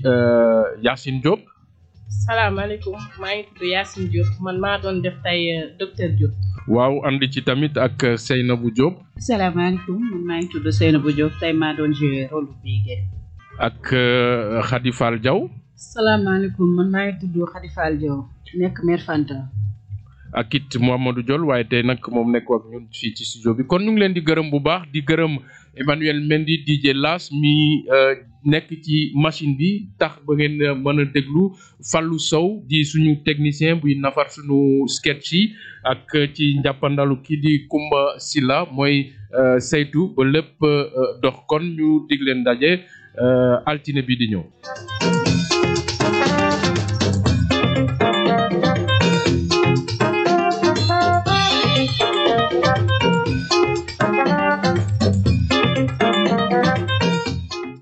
Yacine Diop. salaamaaleykum maa ngi tudd Yacine Diop man maa doon def tey euh, docteur Diop. waaw ànd ci tamit ak euh, Seynabou Diop. salaamaaleykum man maa ngi tudd Seynabou tey maa doon joué rôle bu ak euh, Khady Fall Diaw. salaamaaleykum man maa ngi tudd Khady Fall Diaw nekk mère ak it Mouhamadou Diol waaye tey nag moom nekkoon ak ñun fii ci studio bi kon ñu ngi leen di gërëm bu baax di gërëm. Emmanuel Mendy DJ Las mi euh, nekk ci machine bi tax ba ngeen euh, mën a déglu fallu Sow di suñu technicien buy nafar suñu sketch yi ak euh, ci njàppandalu kii di Kumba Silla mooy saytu ba lépp dox kon ñu dig leen daje altine bi di ñëw.